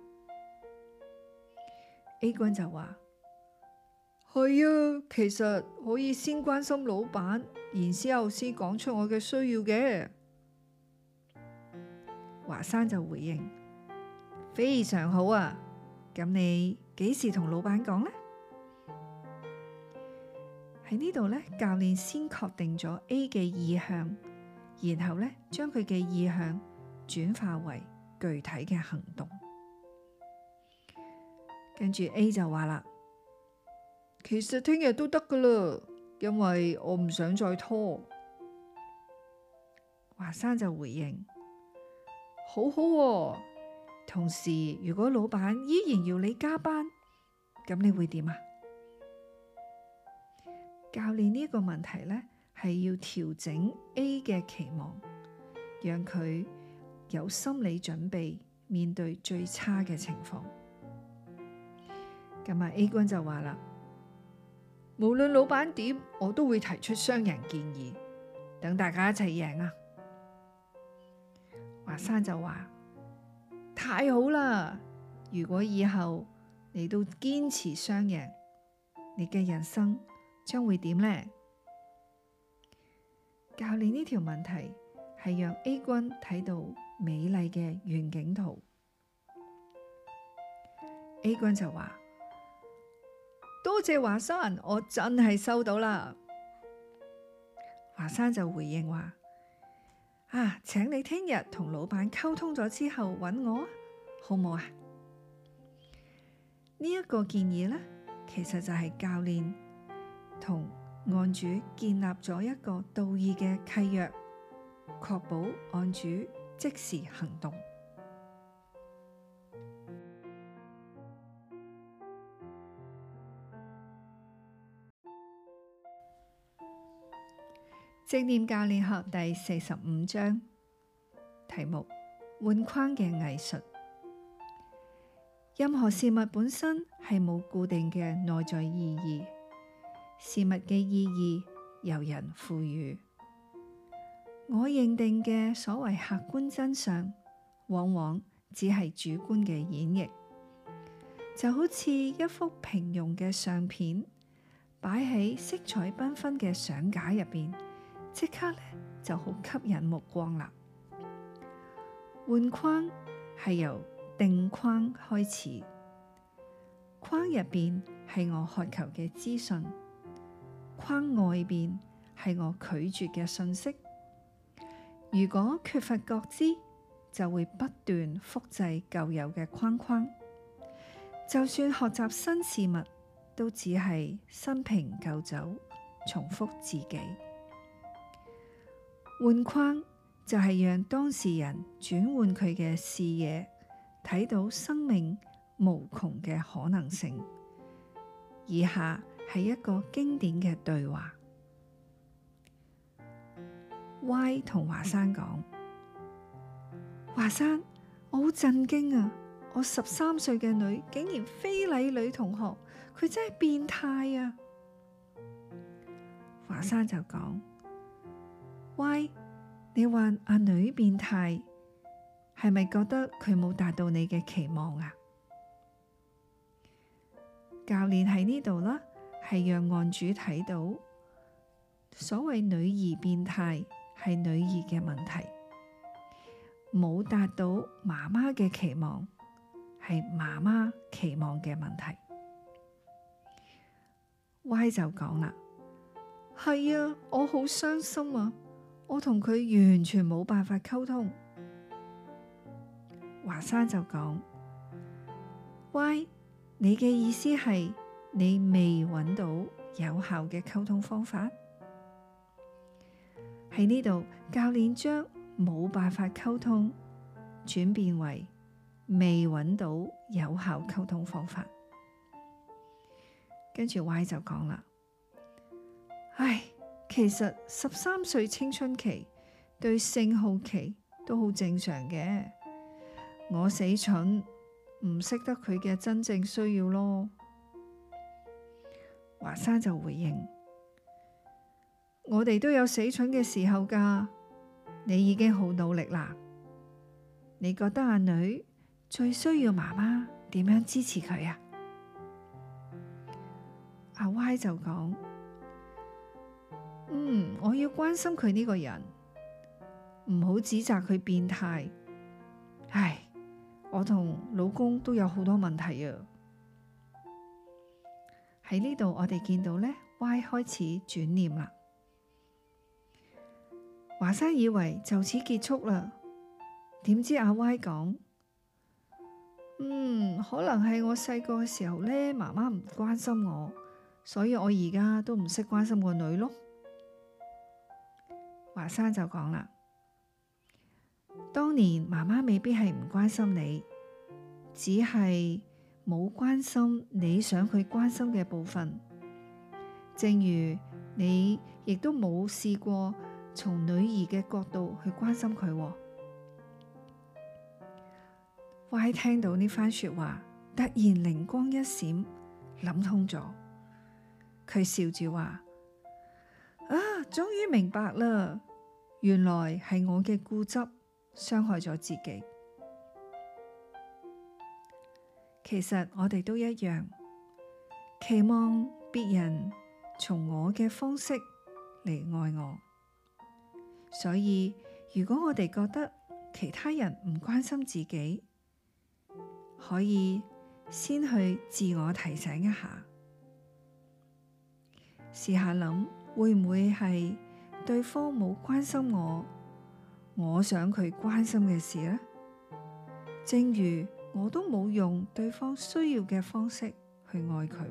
A 君就話。係啊，其實可以先關心老闆，然後先講出我嘅需要嘅。華山就回應：非常好啊，咁你幾時同老闆講呢？喺呢度呢，教練先確定咗 A 嘅意向，然後呢，將佢嘅意向轉化為具體嘅行動。跟住 A 就話啦。其實聽日都得噶啦，因為我唔想再拖。華山就回應：好好。同時，如果老闆依然要你加班，咁你會點啊？教練呢個問題呢，係要調整 A 嘅期望，讓佢有心理準備面對最差嘅情況。咁啊，A 君就話啦。無論老闆點，我都會提出雙贏建議，等大家一齊贏啊！華山就話：太好啦！如果以後你都堅持雙贏，你嘅人生將會點呢？教練呢條問題係讓 A 君睇到美麗嘅遠景圖。A 君就話。多謝華山，我真係收到啦。華山就回應話：啊，請你聽日同老闆溝通咗之後，搵我好唔好啊？呢一個建議呢，其實就係教練同案主建立咗一個道義嘅契約，確保案主即時行動。正念教練學第四十五章題目：換框嘅藝術。任何事物本身係冇固定嘅內在意義，事物嘅意義由人賦予。我認定嘅所謂客觀真相，往往只係主觀嘅演繹，就好似一幅平庸嘅相片擺喺色彩繽紛嘅相架入邊。即刻咧就好吸引目光啦。換框係由定框開始，框入邊係我渴求嘅資訊，框外邊係我拒絕嘅信息。如果缺乏覺知，就會不斷複製舊有嘅框框。就算學習新事物，都只係新瓶舊酒，重複自己。換框就係讓當事人轉換佢嘅視野，睇到生命無窮嘅可能性。以下係一個經典嘅對話：Y 同華山講，華 [noise] 山，我好震驚啊！我十三歲嘅女竟然非禮女同學，佢真係變態啊！華 [noise] 山就講。歪，y, 你話阿女變態，係咪覺得佢冇達到你嘅期望啊？教練喺呢度啦，係讓案主睇到所謂女兒變態係女兒嘅問題，冇達到媽媽嘅期望，係媽媽期望嘅問題。Y 就講啦，係啊，我好傷心啊！我同佢完全冇辦法溝通，華山就講：Y，你嘅意思係你未揾到有效嘅溝通方法？喺呢度，教練將冇辦法溝通轉變為未揾到有效溝通方法，跟住 Y 就講啦，唉。其實十三歲青春期對性好奇都好正常嘅，我死蠢唔識得佢嘅真正需要咯。華山就回應：我哋都有死蠢嘅時候噶，你已經好努力啦。你覺得阿女最需要媽媽點樣支持佢啊？阿 Y 就講。嗯，我要關心佢呢個人，唔好指責佢變態。唉，我同老公都有好多問題啊。喺呢度，我哋見到咧，Y 開始轉念啦。華山以為就此結束啦，點知阿 Y 講：嗯，可能係我細個嘅時候咧，媽媽唔關心我，所以我而家都唔識關心個女咯。華山就講啦，當年媽媽未必係唔關心你，只係冇關心你想佢關心嘅部分。正如你亦都冇試過從女兒嘅角度去關心佢。我喺聽到呢番說話，突然靈光一閃，諗通咗。佢笑住話：啊，終於明白啦！原來係我嘅固執傷害咗自己。其實我哋都一樣，期望別人從我嘅方式嚟愛我。所以，如果我哋覺得其他人唔關心自己，可以先去自我提醒一下，試下諗會唔會係。對方冇關心我，我想佢關心嘅事咧。正如我都冇用對方需要嘅方式去愛佢，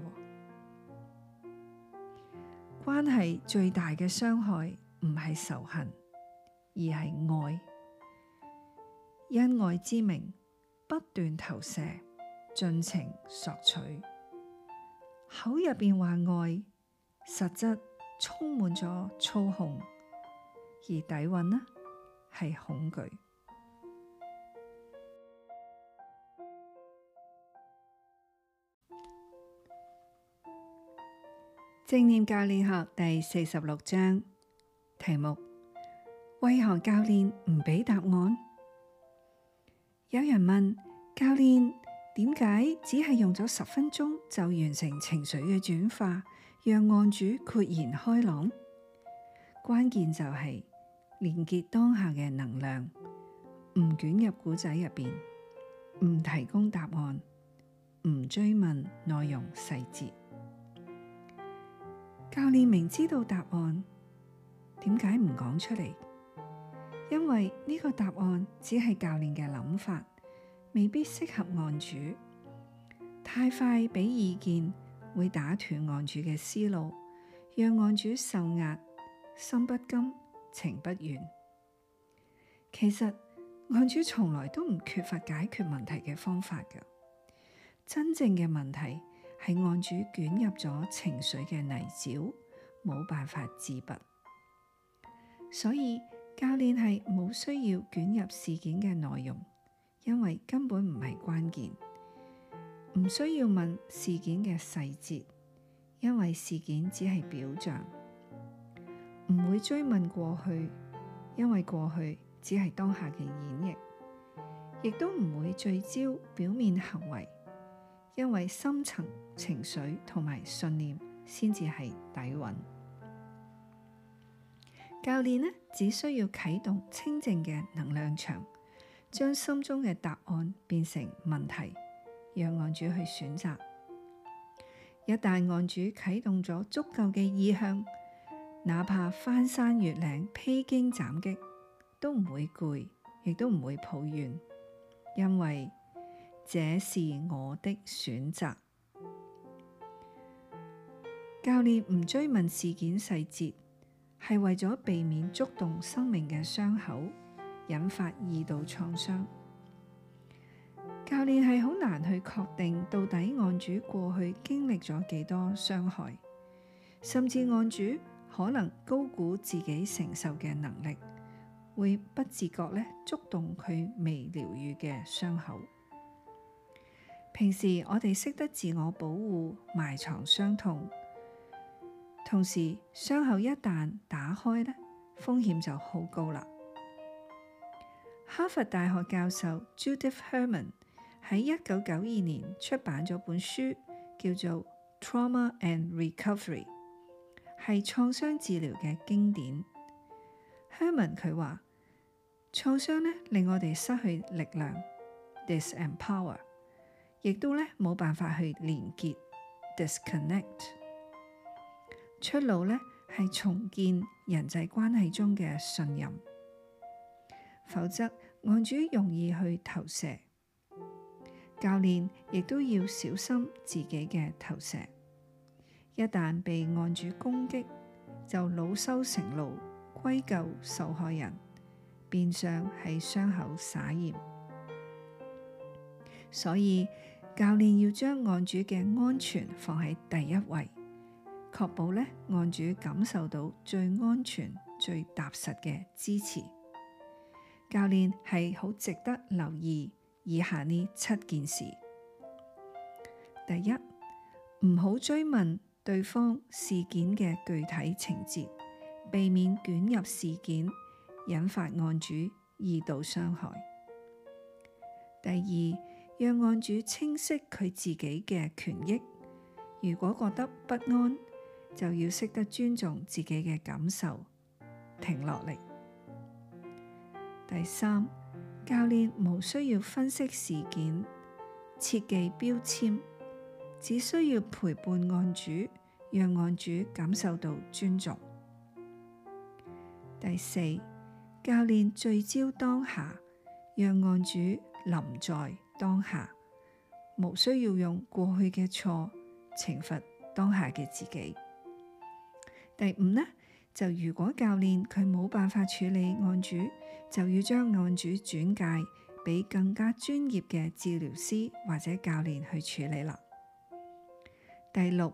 關係最大嘅傷害唔係仇恨，而係愛。因愛之名不斷投射，盡情索取，口入邊話愛，實質，充滿咗操控，而底蘊呢係恐懼。正念教練學第四十六章題目：為何教練唔俾答案？有人問教練：點解只係用咗十分鐘就完成情緒嘅轉化？讓案主豁然開朗，關鍵就係連結當下嘅能量，唔捲入故仔入邊，唔提供答案，唔追問內容細節。教練明知道答案，點解唔講出嚟？因為呢個答案只係教練嘅諗法，未必適合案主。太快俾意見。會打斷案主嘅思路，讓案主受壓，心不甘，情不願。其實案主從來都唔缺乏解決問題嘅方法㗎，真正嘅問題係案主捲入咗情緒嘅泥沼，冇辦法自拔。所以教練係冇需要捲入事件嘅內容，因為根本唔係關鍵。唔需要問事件嘅細節，因為事件只係表象；唔會追問過去，因為過去只係當下嘅演繹；亦都唔會聚焦表面行為，因為深層情緒同埋信念先至係底蘊。教練呢，只需要啟動清淨嘅能量場，將心中嘅答案變成問題。讓案主去選擇。一旦案主啟動咗足夠嘅意向，哪怕翻山越嶺、披荊斬棘，都唔會攰，亦都唔會抱怨，因為這是我的選擇。教練唔追問事件細節，係為咗避免觸動生命嘅傷口，引發二度創傷。教練係好難去確定到底案主過去經歷咗幾多傷害，甚至案主可能高估自己承受嘅能力，會不自覺咧觸動佢未療癒嘅傷口。平時我哋識得自我保護、埋藏傷痛，同時傷口一旦打開咧，風險就好高啦。哈佛大學教授 Judith Herman。喺一九九二年出版咗本書，叫做《Trauma and Recovery》，係創傷治療嘅經典。Herman 佢話創傷呢令我哋失去力量，disempower，亦都呢冇辦法去連結，disconnect。出路呢係重建人際關係中嘅信任，否則案主容易去投射。教練亦都要小心自己嘅投射，一旦被案主攻擊，就惱羞成怒，歸咎受害人，變相喺傷口撒鹽。所以教練要將案主嘅安全放喺第一位，確保呢案主感受到最安全、最踏實嘅支持。教練係好值得留意，以下呢七件事：第一，唔好追問對方事件嘅具體情節，避免捲入事件，引發案主二度傷害。第二，讓案主清晰佢自己嘅權益，如果覺得不安，就要識得尊重自己嘅感受，停落嚟。第三。教練無需要分析事件、設計標籤，只需要陪伴案主，讓案主感受到尊重。第四，教練聚焦當下，讓案主臨在當下，無需要用過去嘅錯懲罰當下嘅自己。第五呢，就如果教練佢冇辦法處理案主，就要將案主轉介俾更加專業嘅治療師或者教練去處理啦。第六，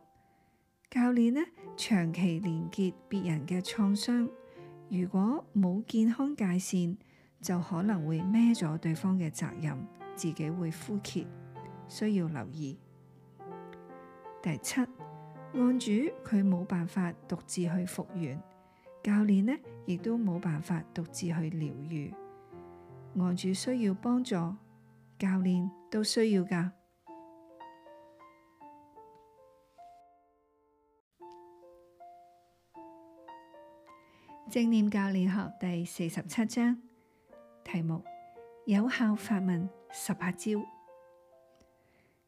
教練呢，長期連結別人嘅創傷，如果冇健康界線，就可能會孭咗對方嘅責任，自己會枯竭，需要留意。第七，案主佢冇辦法獨自去復原。教練呢，亦都冇辦法獨自去療癒，案主需要幫助，教練都需要㗎。正念教練學第四十七章，題目有效發問十八招。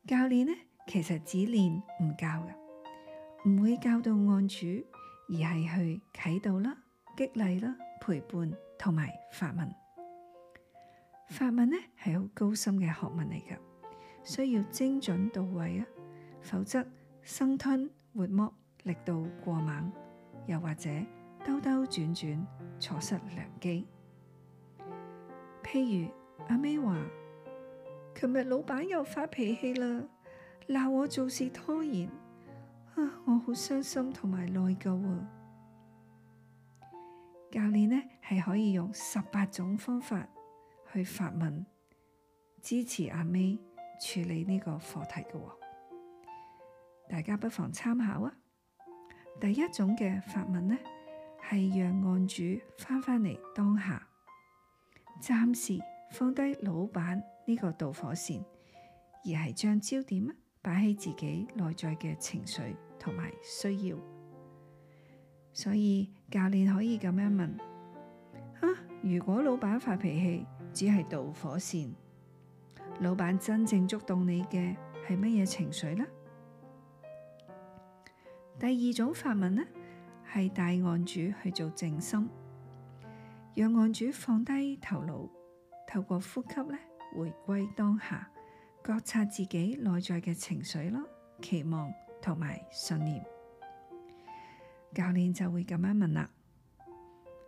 教練呢，其實只練唔教㗎，唔會教到案主。而係去啟導啦、激勵啦、陪伴同埋發問。發問呢係好高深嘅學問嚟噶，需要精準到位啊，否則生吞活剝力度過猛，又或者兜兜轉轉錯失良機。譬如阿 May 話：「琴日老闆又發脾氣啦，鬧我做事拖延。」啊、我好傷心同埋內疚、啊。教練呢係可以用十八種方法，去發問，支持阿妹處理呢個課題嘅、哦。大家不妨參考啊！第一種嘅發問呢，係讓案主翻返嚟當下，暫時放低老闆呢個導火線，而係將焦點啊擺喺自己內在嘅情緒。同埋需要，所以教練可以咁樣問：啊，如果老闆發脾氣，只係導火線，老闆真正觸動你嘅係乜嘢情緒呢？第二種發問呢，係帶案主去做靜心，讓案主放低頭腦，透過呼吸呢，回歸當下，覺察自己內在嘅情緒咯，期望。同埋信念，教練就會咁樣問啦：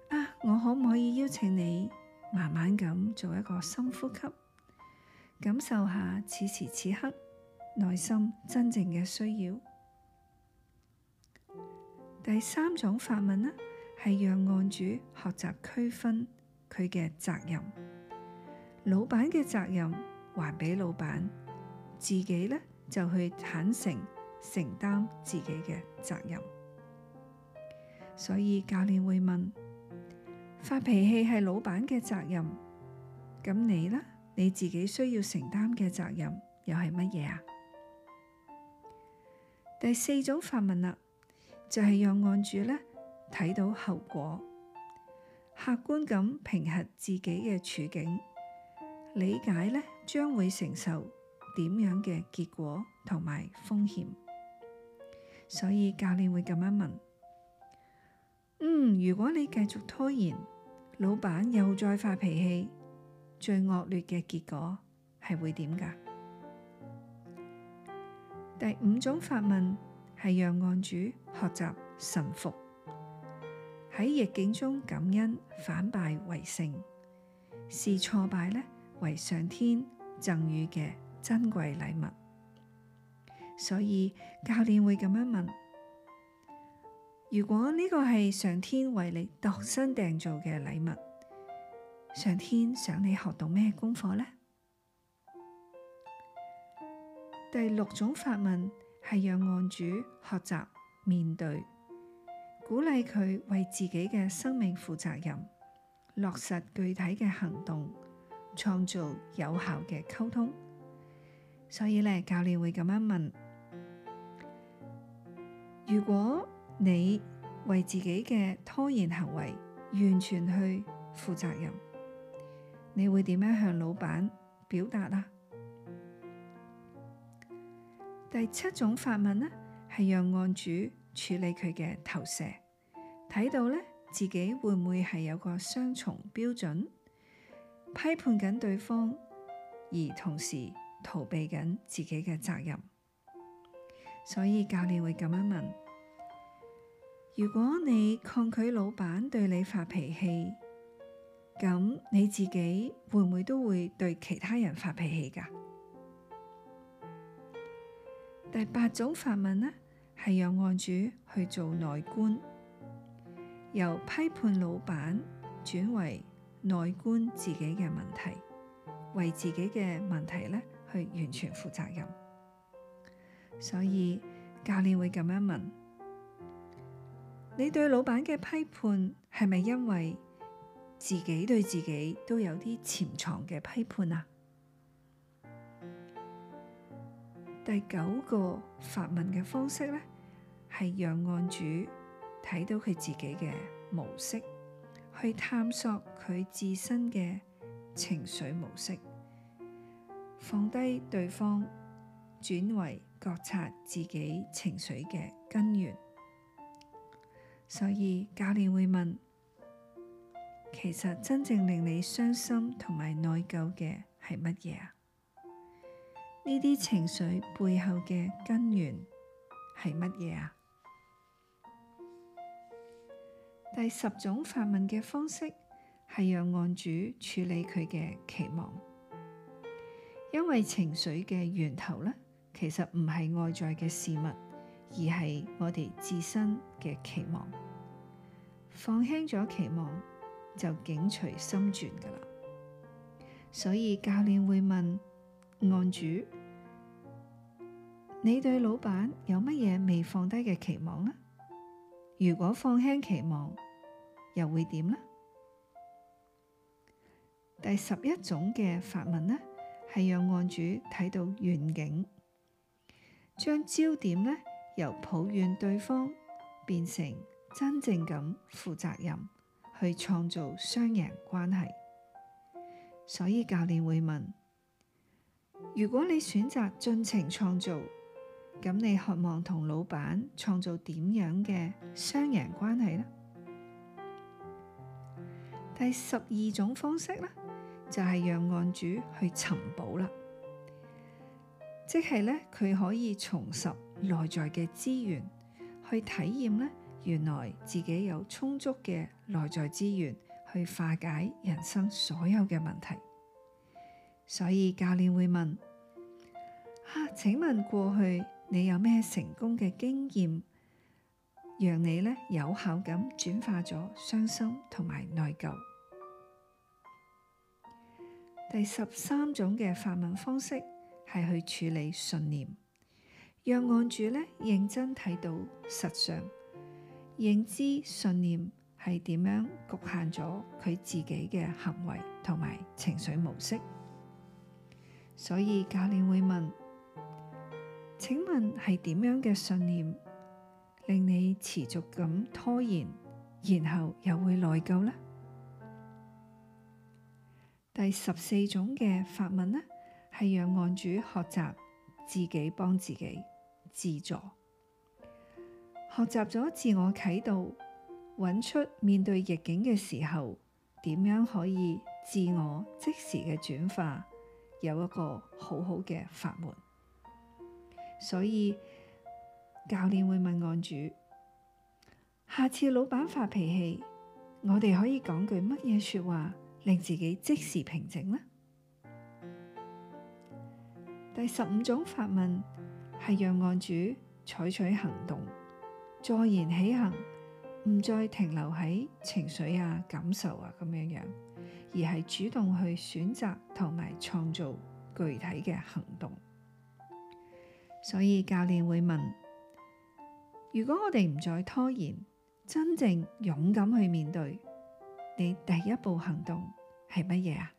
啊，我可唔可以邀請你慢慢咁做一個深呼吸，感受下此時此刻內心真正嘅需要？第三種發問呢，係讓案主學習區分佢嘅責任，老闆嘅責任還畀老闆，自己呢就去坦誠。承擔自己嘅責任，所以教練會問：發脾氣係老闆嘅責任，咁你呢，你自己需要承擔嘅責任又係乜嘢啊？第四種發問啦，就係讓案主呢睇到後果，客觀咁評核自己嘅處境，理解呢將會承受點樣嘅結果同埋風險。所以教練會咁樣問：嗯，如果你繼續拖延，老闆又再發脾氣，最惡劣嘅結果係會點噶？第五種發問係讓案主學習臣服，喺逆境中感恩，反敗為勝，視挫敗咧為上天贈予嘅珍貴禮物。所以教練會咁樣問：如果呢個係上天為你度身訂造嘅禮物，上天想你學到咩功課呢？第六種發問係讓案主學習面對，鼓勵佢為自己嘅生命負責任，落實具體嘅行動，創造有效嘅溝通。所以呢，教練會咁樣問。如果你為自己嘅拖延行為完全去負責任，你會點樣向老闆表達啊？第七種發問咧，係讓案主處理佢嘅投射，睇到咧自己會唔會係有個雙重標準，批判緊對方，而同時逃避緊自己嘅責任。所以教練會咁樣問。如果你抗拒老闆對你發脾氣，咁你自己會唔會都會對其他人發脾氣噶第八種發問呢係讓案主去做內觀，由批判老闆轉為內觀自己嘅問題，為自己嘅問題咧去完全負責任。所以教練會咁樣問。你對老闆嘅批判係咪因為自己對自己都有啲潛藏嘅批判啊？第九個發問嘅方式呢，係讓案主睇到佢自己嘅模式，去探索佢自身嘅情緒模式，放低對方，轉為覺察自己情緒嘅根源。所以教練會問：其實真正令你傷心同埋內疚嘅係乜嘢啊？呢啲情緒背後嘅根源係乜嘢啊？第十種發問嘅方式係讓案主處理佢嘅期望，因為情緒嘅源頭呢，其實唔係外在嘅事物，而係我哋自身嘅期望，放輕咗期望就境隨心轉噶啦。所以教練會問案主，你對老闆有乜嘢未放低嘅期望呢？如果放輕期望又會點呢？第十一種嘅發問呢，係讓案主睇到願景，將焦點呢，由抱怨對方變成真正咁負責任去創造雙贏關係，所以教練會問：如果你選擇盡情創造，咁你渴望同老闆創造點樣嘅雙贏關係呢？第十二種方式呢，就係讓案主去尋寶啦，即係呢，佢可以重拾。內在嘅資源去體驗咧，原來自己有充足嘅內在資源去化解人生所有嘅問題。所以教練會問：啊，請問過去你有咩成功嘅經驗，讓你咧有效咁轉化咗傷心同埋內疚？第十三種嘅發問方式係去處理信念。讓案主咧認真睇到實相，認知信念係點樣局限咗佢自己嘅行為同埋情緒模式。所以教練會問：請問係點樣嘅信念令你持續咁拖延，然後又會內疚呢？第十四種嘅發問呢，係讓案主學習自己幫自己。自助學習咗自我啟導，揾出面對逆境嘅時候，點樣可以自我即時嘅轉化，有一個好好嘅法門。所以教練會問案主：下次老闆發脾氣，我哋可以講句乜嘢說話，令自己即時平靜呢？第十五種發問。係讓案主採取行動，坐言起行，唔再停留喺情緒啊、感受啊咁樣樣，而係主動去選擇同埋創造具體嘅行動。所以教練會問：如果我哋唔再拖延，真正勇敢去面對，你第一步行動係乜嘢啊？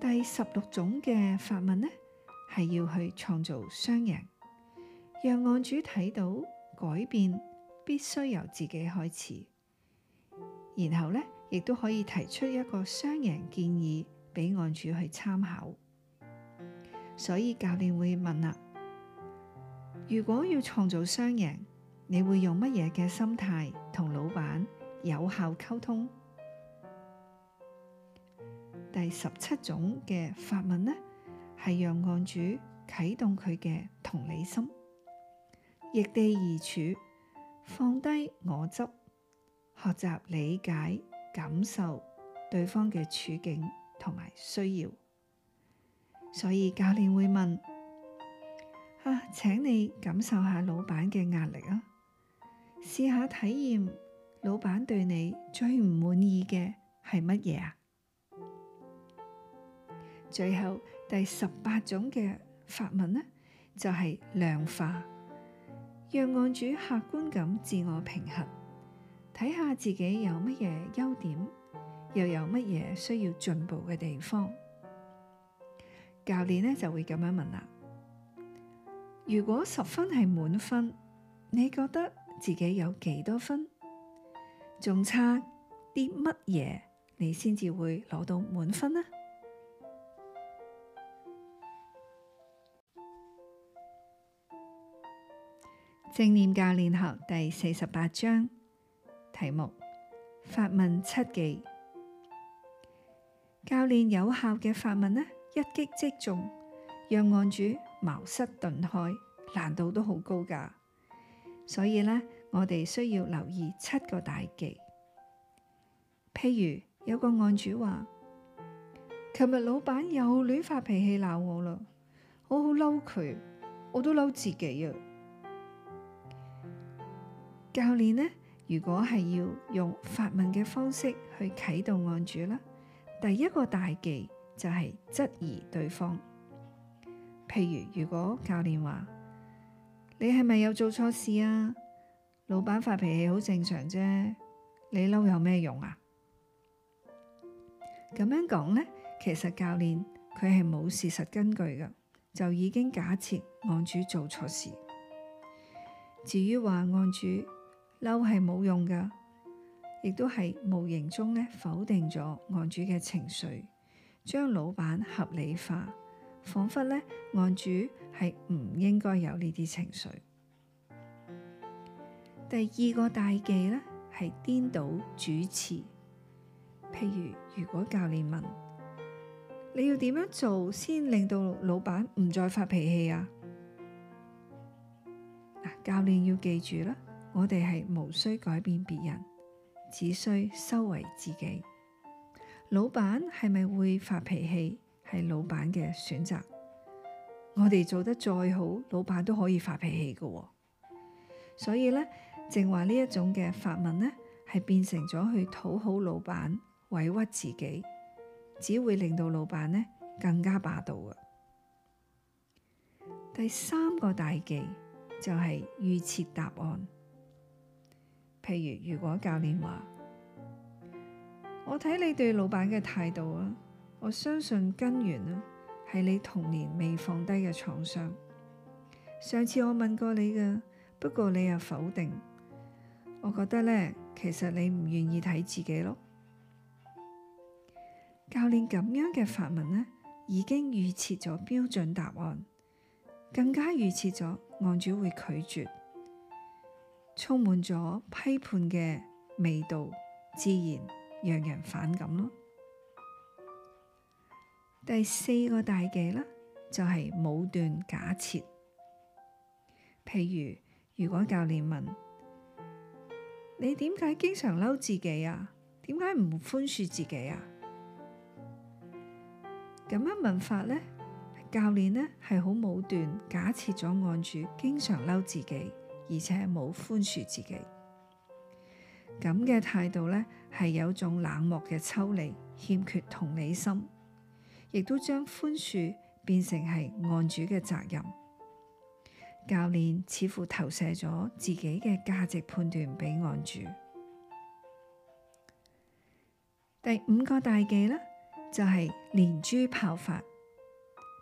第十六種嘅發問呢？係要去創造雙贏，讓案主睇到改變必須由自己開始，然後咧亦都可以提出一個雙贏建議俾案主去參考。所以教練會問啦：如果要創造雙贏，你會用乜嘢嘅心態同老闆有效溝通？第十七種嘅發問呢？係讓案主啟動佢嘅同理心，易地而處，放低我執，學習理解感受對方嘅處境同埋需要。所以教練會問：啊，請你感受下老闆嘅壓力啊，試下體驗老闆對你最唔滿意嘅係乜嘢啊？最後。第十八種嘅法文呢，就係量化，讓案主客觀咁自我平衡，睇下自己有乜嘢優點，又有乜嘢需要進步嘅地方。教練呢就會咁樣問啦：「如果十分係滿分，你覺得自己有幾多分？仲差啲乜嘢？你先至會攞到滿分呢？」正念教練學第四十八章題目：發問七忌。教練有效嘅發問呢，一擊即中，讓案主茅塞頓開，難度都好高㗎。所以呢，我哋需要留意七個大忌。譬如有個案主話：「琴日老闆又亂發脾氣鬧我啦，我好嬲佢，我都嬲自己啊。教練呢，如果係要用發問嘅方式去啟動案主啦，第一個大忌就係質疑對方。譬如，如果教練話：「你係咪有做錯事啊？老闆發脾氣好正常啫，你嬲有咩用啊？」咁樣講呢，其實教練佢係冇事實根據㗎，就已經假設案主做錯事。至於話案主，嬲係冇用噶，亦都係無形中咧，否定咗案主嘅情緒，將老闆合理化，仿佛咧，案主係唔應該有呢啲情緒。第二個大忌咧係顛倒主次。譬如，如果教練問你要點樣做先令到老闆唔再發脾氣啊？嗱，教練要記住啦。我哋係無需改變別人，只需修為自己。老闆係咪會發脾氣，係老闆嘅選擇。我哋做得再好，老闆都可以發脾氣嘅。所以咧，正話呢一種嘅發問咧，係變成咗去討好老闆，委屈自己，只會令到老闆咧更加霸道啊！第三個大忌就係預設答案。譬如，如果教練話我睇你對老闆嘅態度啊，我相信根源呢係你童年未放低嘅創傷。上次我問過你㗎，不過你又否定。我覺得咧，其實你唔願意睇自己咯。教練咁樣嘅發問呢，已經預設咗標準答案，更加預設咗案主會拒絕。充滿咗批判嘅味道，自然讓人反感咯。第四個大忌咧，就係武斷假設。譬如，如果教練問你點解經常嬲自己啊？點解唔寬恕自己啊？咁樣問法咧，教練咧係好武斷假設咗，按住經常嬲自己。而且冇寬恕自己，咁嘅態度呢係有種冷漠嘅抽離，欠缺同理心，亦都將寬恕變成係案主嘅責任。教練似乎投射咗自己嘅價值判斷俾案主。第五個大忌呢，就係、是、連珠炮法，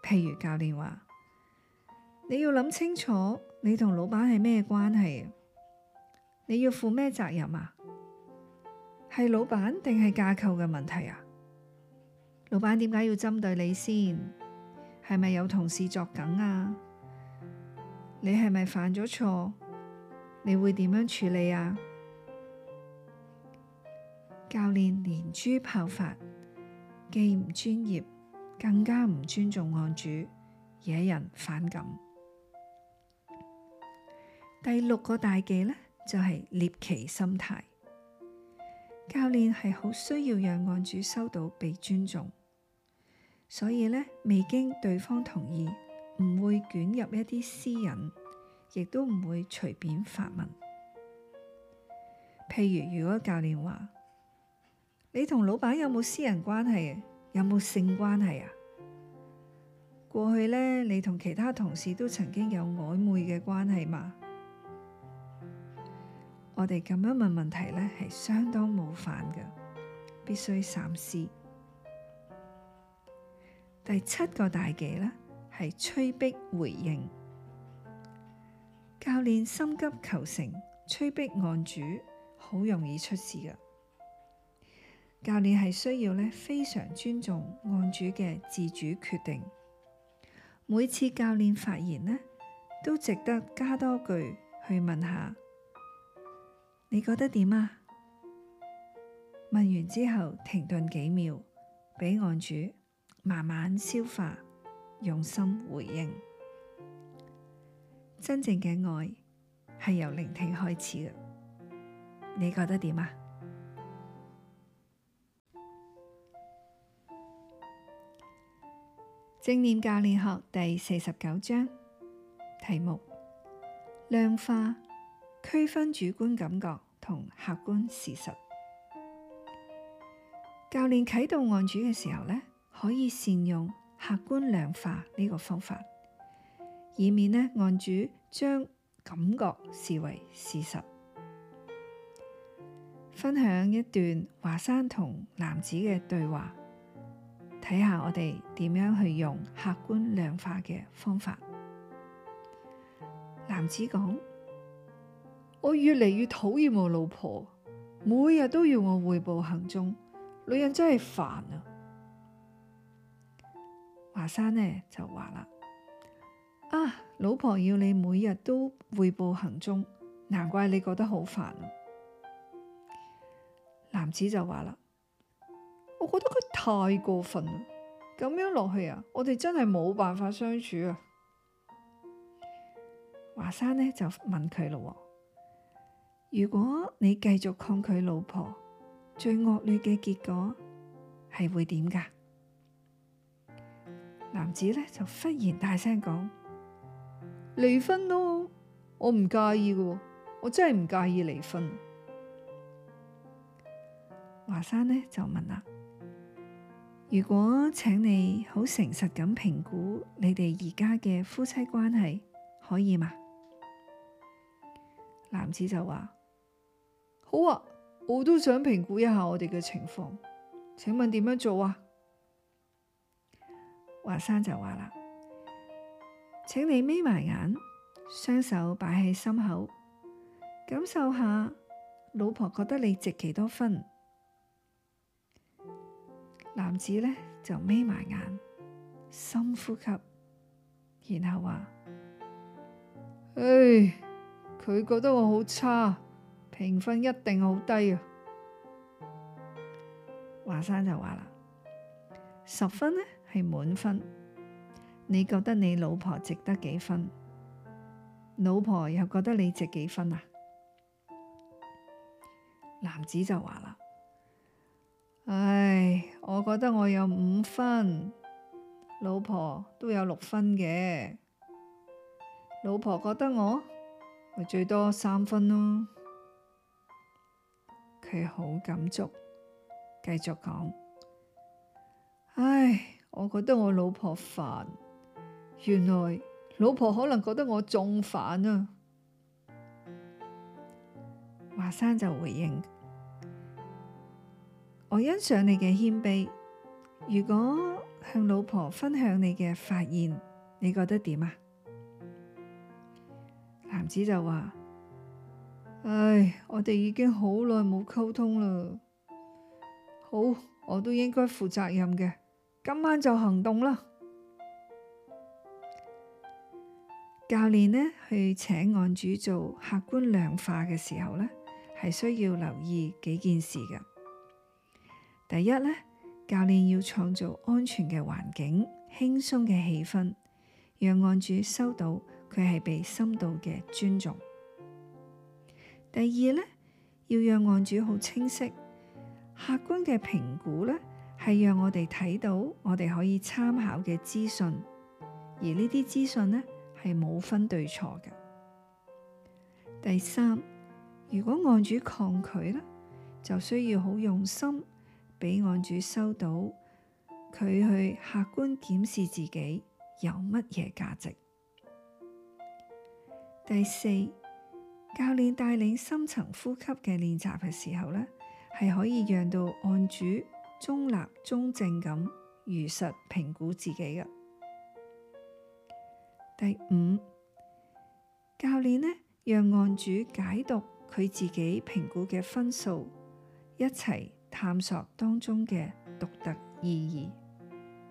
譬如教練話你要諗清楚。你同老闆係咩關係？你要負咩責任啊？係老闆定係架構嘅問題啊？老闆點解要針對你先？係咪有同事作梗啊？你係咪犯咗錯？你會點樣處理啊？教練連珠炮發，既唔專業，更加唔尊重案主，惹人反感。第六個大忌咧，就係獵奇心態。教練係好需要讓案主收到被尊重，所以咧未經對方同意，唔會捲入一啲私隱，亦都唔會隨便發問。譬如如果教練話：你同老闆有冇私人關係？有冇性關係啊？過去咧，你同其他同事都曾經有曖昧嘅關係嘛？我哋咁樣問問題咧，係相當冒犯噶，必須三思。第七個大忌咧，係催逼回應。教練心急求成，催逼案主，好容易出事噶。教練係需要咧，非常尊重案主嘅自主決定。每次教練發言咧，都值得加多句去問下。你覺得點啊？問完之後停頓幾秒，俾案主慢慢消化，用心回應。真正嘅愛係由聆聽開始嘅。你覺得點啊？正念教練學第四十九章題目：量化、區分主觀感覺。同客觀事實，教練啟導案主嘅時候，呢可以善用客觀量化呢個方法，以免呢案主將感覺視為事實。分享一段華山同男子嘅對話，睇下我哋點樣去用客觀量化嘅方法。男子講。我越嚟越討厭我老婆，每日都要我匯報行蹤，女人真係煩啊！華山呢就話啦：啊，老婆要你每日都匯報行蹤，難怪你覺得好煩啊！男子就話啦：我覺得佢太過分啦，咁樣落去啊，我哋真係冇辦法相處啊！華山呢就問佢咯。如果你繼續抗拒老婆，最惡劣嘅結果係會點噶？男子咧就忽然大聲講：離婚咯，哦，我唔介意嘅，我真係唔介意離婚。華山咧就問啦：如果請你好誠實咁評估你哋而家嘅夫妻關係，可以嘛？男子就話。好啊，我都想評估一下我哋嘅情況，請問點樣做啊？華山就話啦，請你眯埋眼，雙手擺喺心口，感受下老婆覺得你值幾多分。男子咧就眯埋眼，深呼吸，然後話：唉，佢覺得我好差。評分一定好低啊！華山就話啦：十分呢係滿分，你覺得你老婆值得幾分？老婆又覺得你值幾分啊？男子就話啦：唉，我覺得我有五分，老婆都有六分嘅，老婆覺得我咪最多三分咯。佢好感觸，繼續講。唉，我覺得我老婆煩，原來老婆可能覺得我仲煩啊。華山就回應：我欣賞你嘅謙卑。如果向老婆分享你嘅發現，你覺得點啊？男子就話。唉，我哋已經好耐冇溝通啦。好，我都應該負責任嘅，今晚就行動啦。教練呢，去請案主做客觀量化嘅時候呢，係需要留意幾件事㗎。第一呢，教練要創造安全嘅環境、輕鬆嘅氣氛，讓案主收到佢係被深度嘅尊重。第二呢，要讓案主好清晰客觀嘅評估呢，係讓我哋睇到我哋可以參考嘅資訊，而呢啲資訊呢，係冇分對錯嘅。第三，如果案主抗拒呢，就需要好用心俾案主收到，佢去客觀檢視自己有乜嘢價值。第四。教練帶領深層呼吸嘅練習嘅時候呢，係可以讓到案主中立、中正咁如實評估自己嘅。第五，教練呢，讓案主解讀佢自己評估嘅分數，一齊探索當中嘅獨特意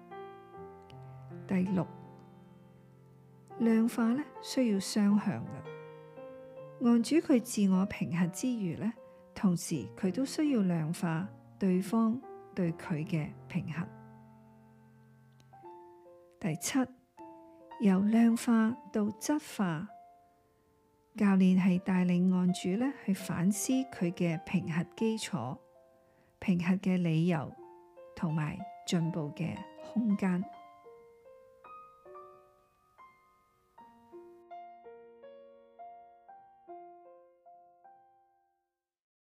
義。第六，量化呢，需要雙向嘅。案主佢自我平衡之餘呢，同時佢都需要量化對方對佢嘅平衡。第七，由量化到質化，教練係帶領案主呢去反思佢嘅平衡基礎、平衡嘅理由同埋進步嘅空間。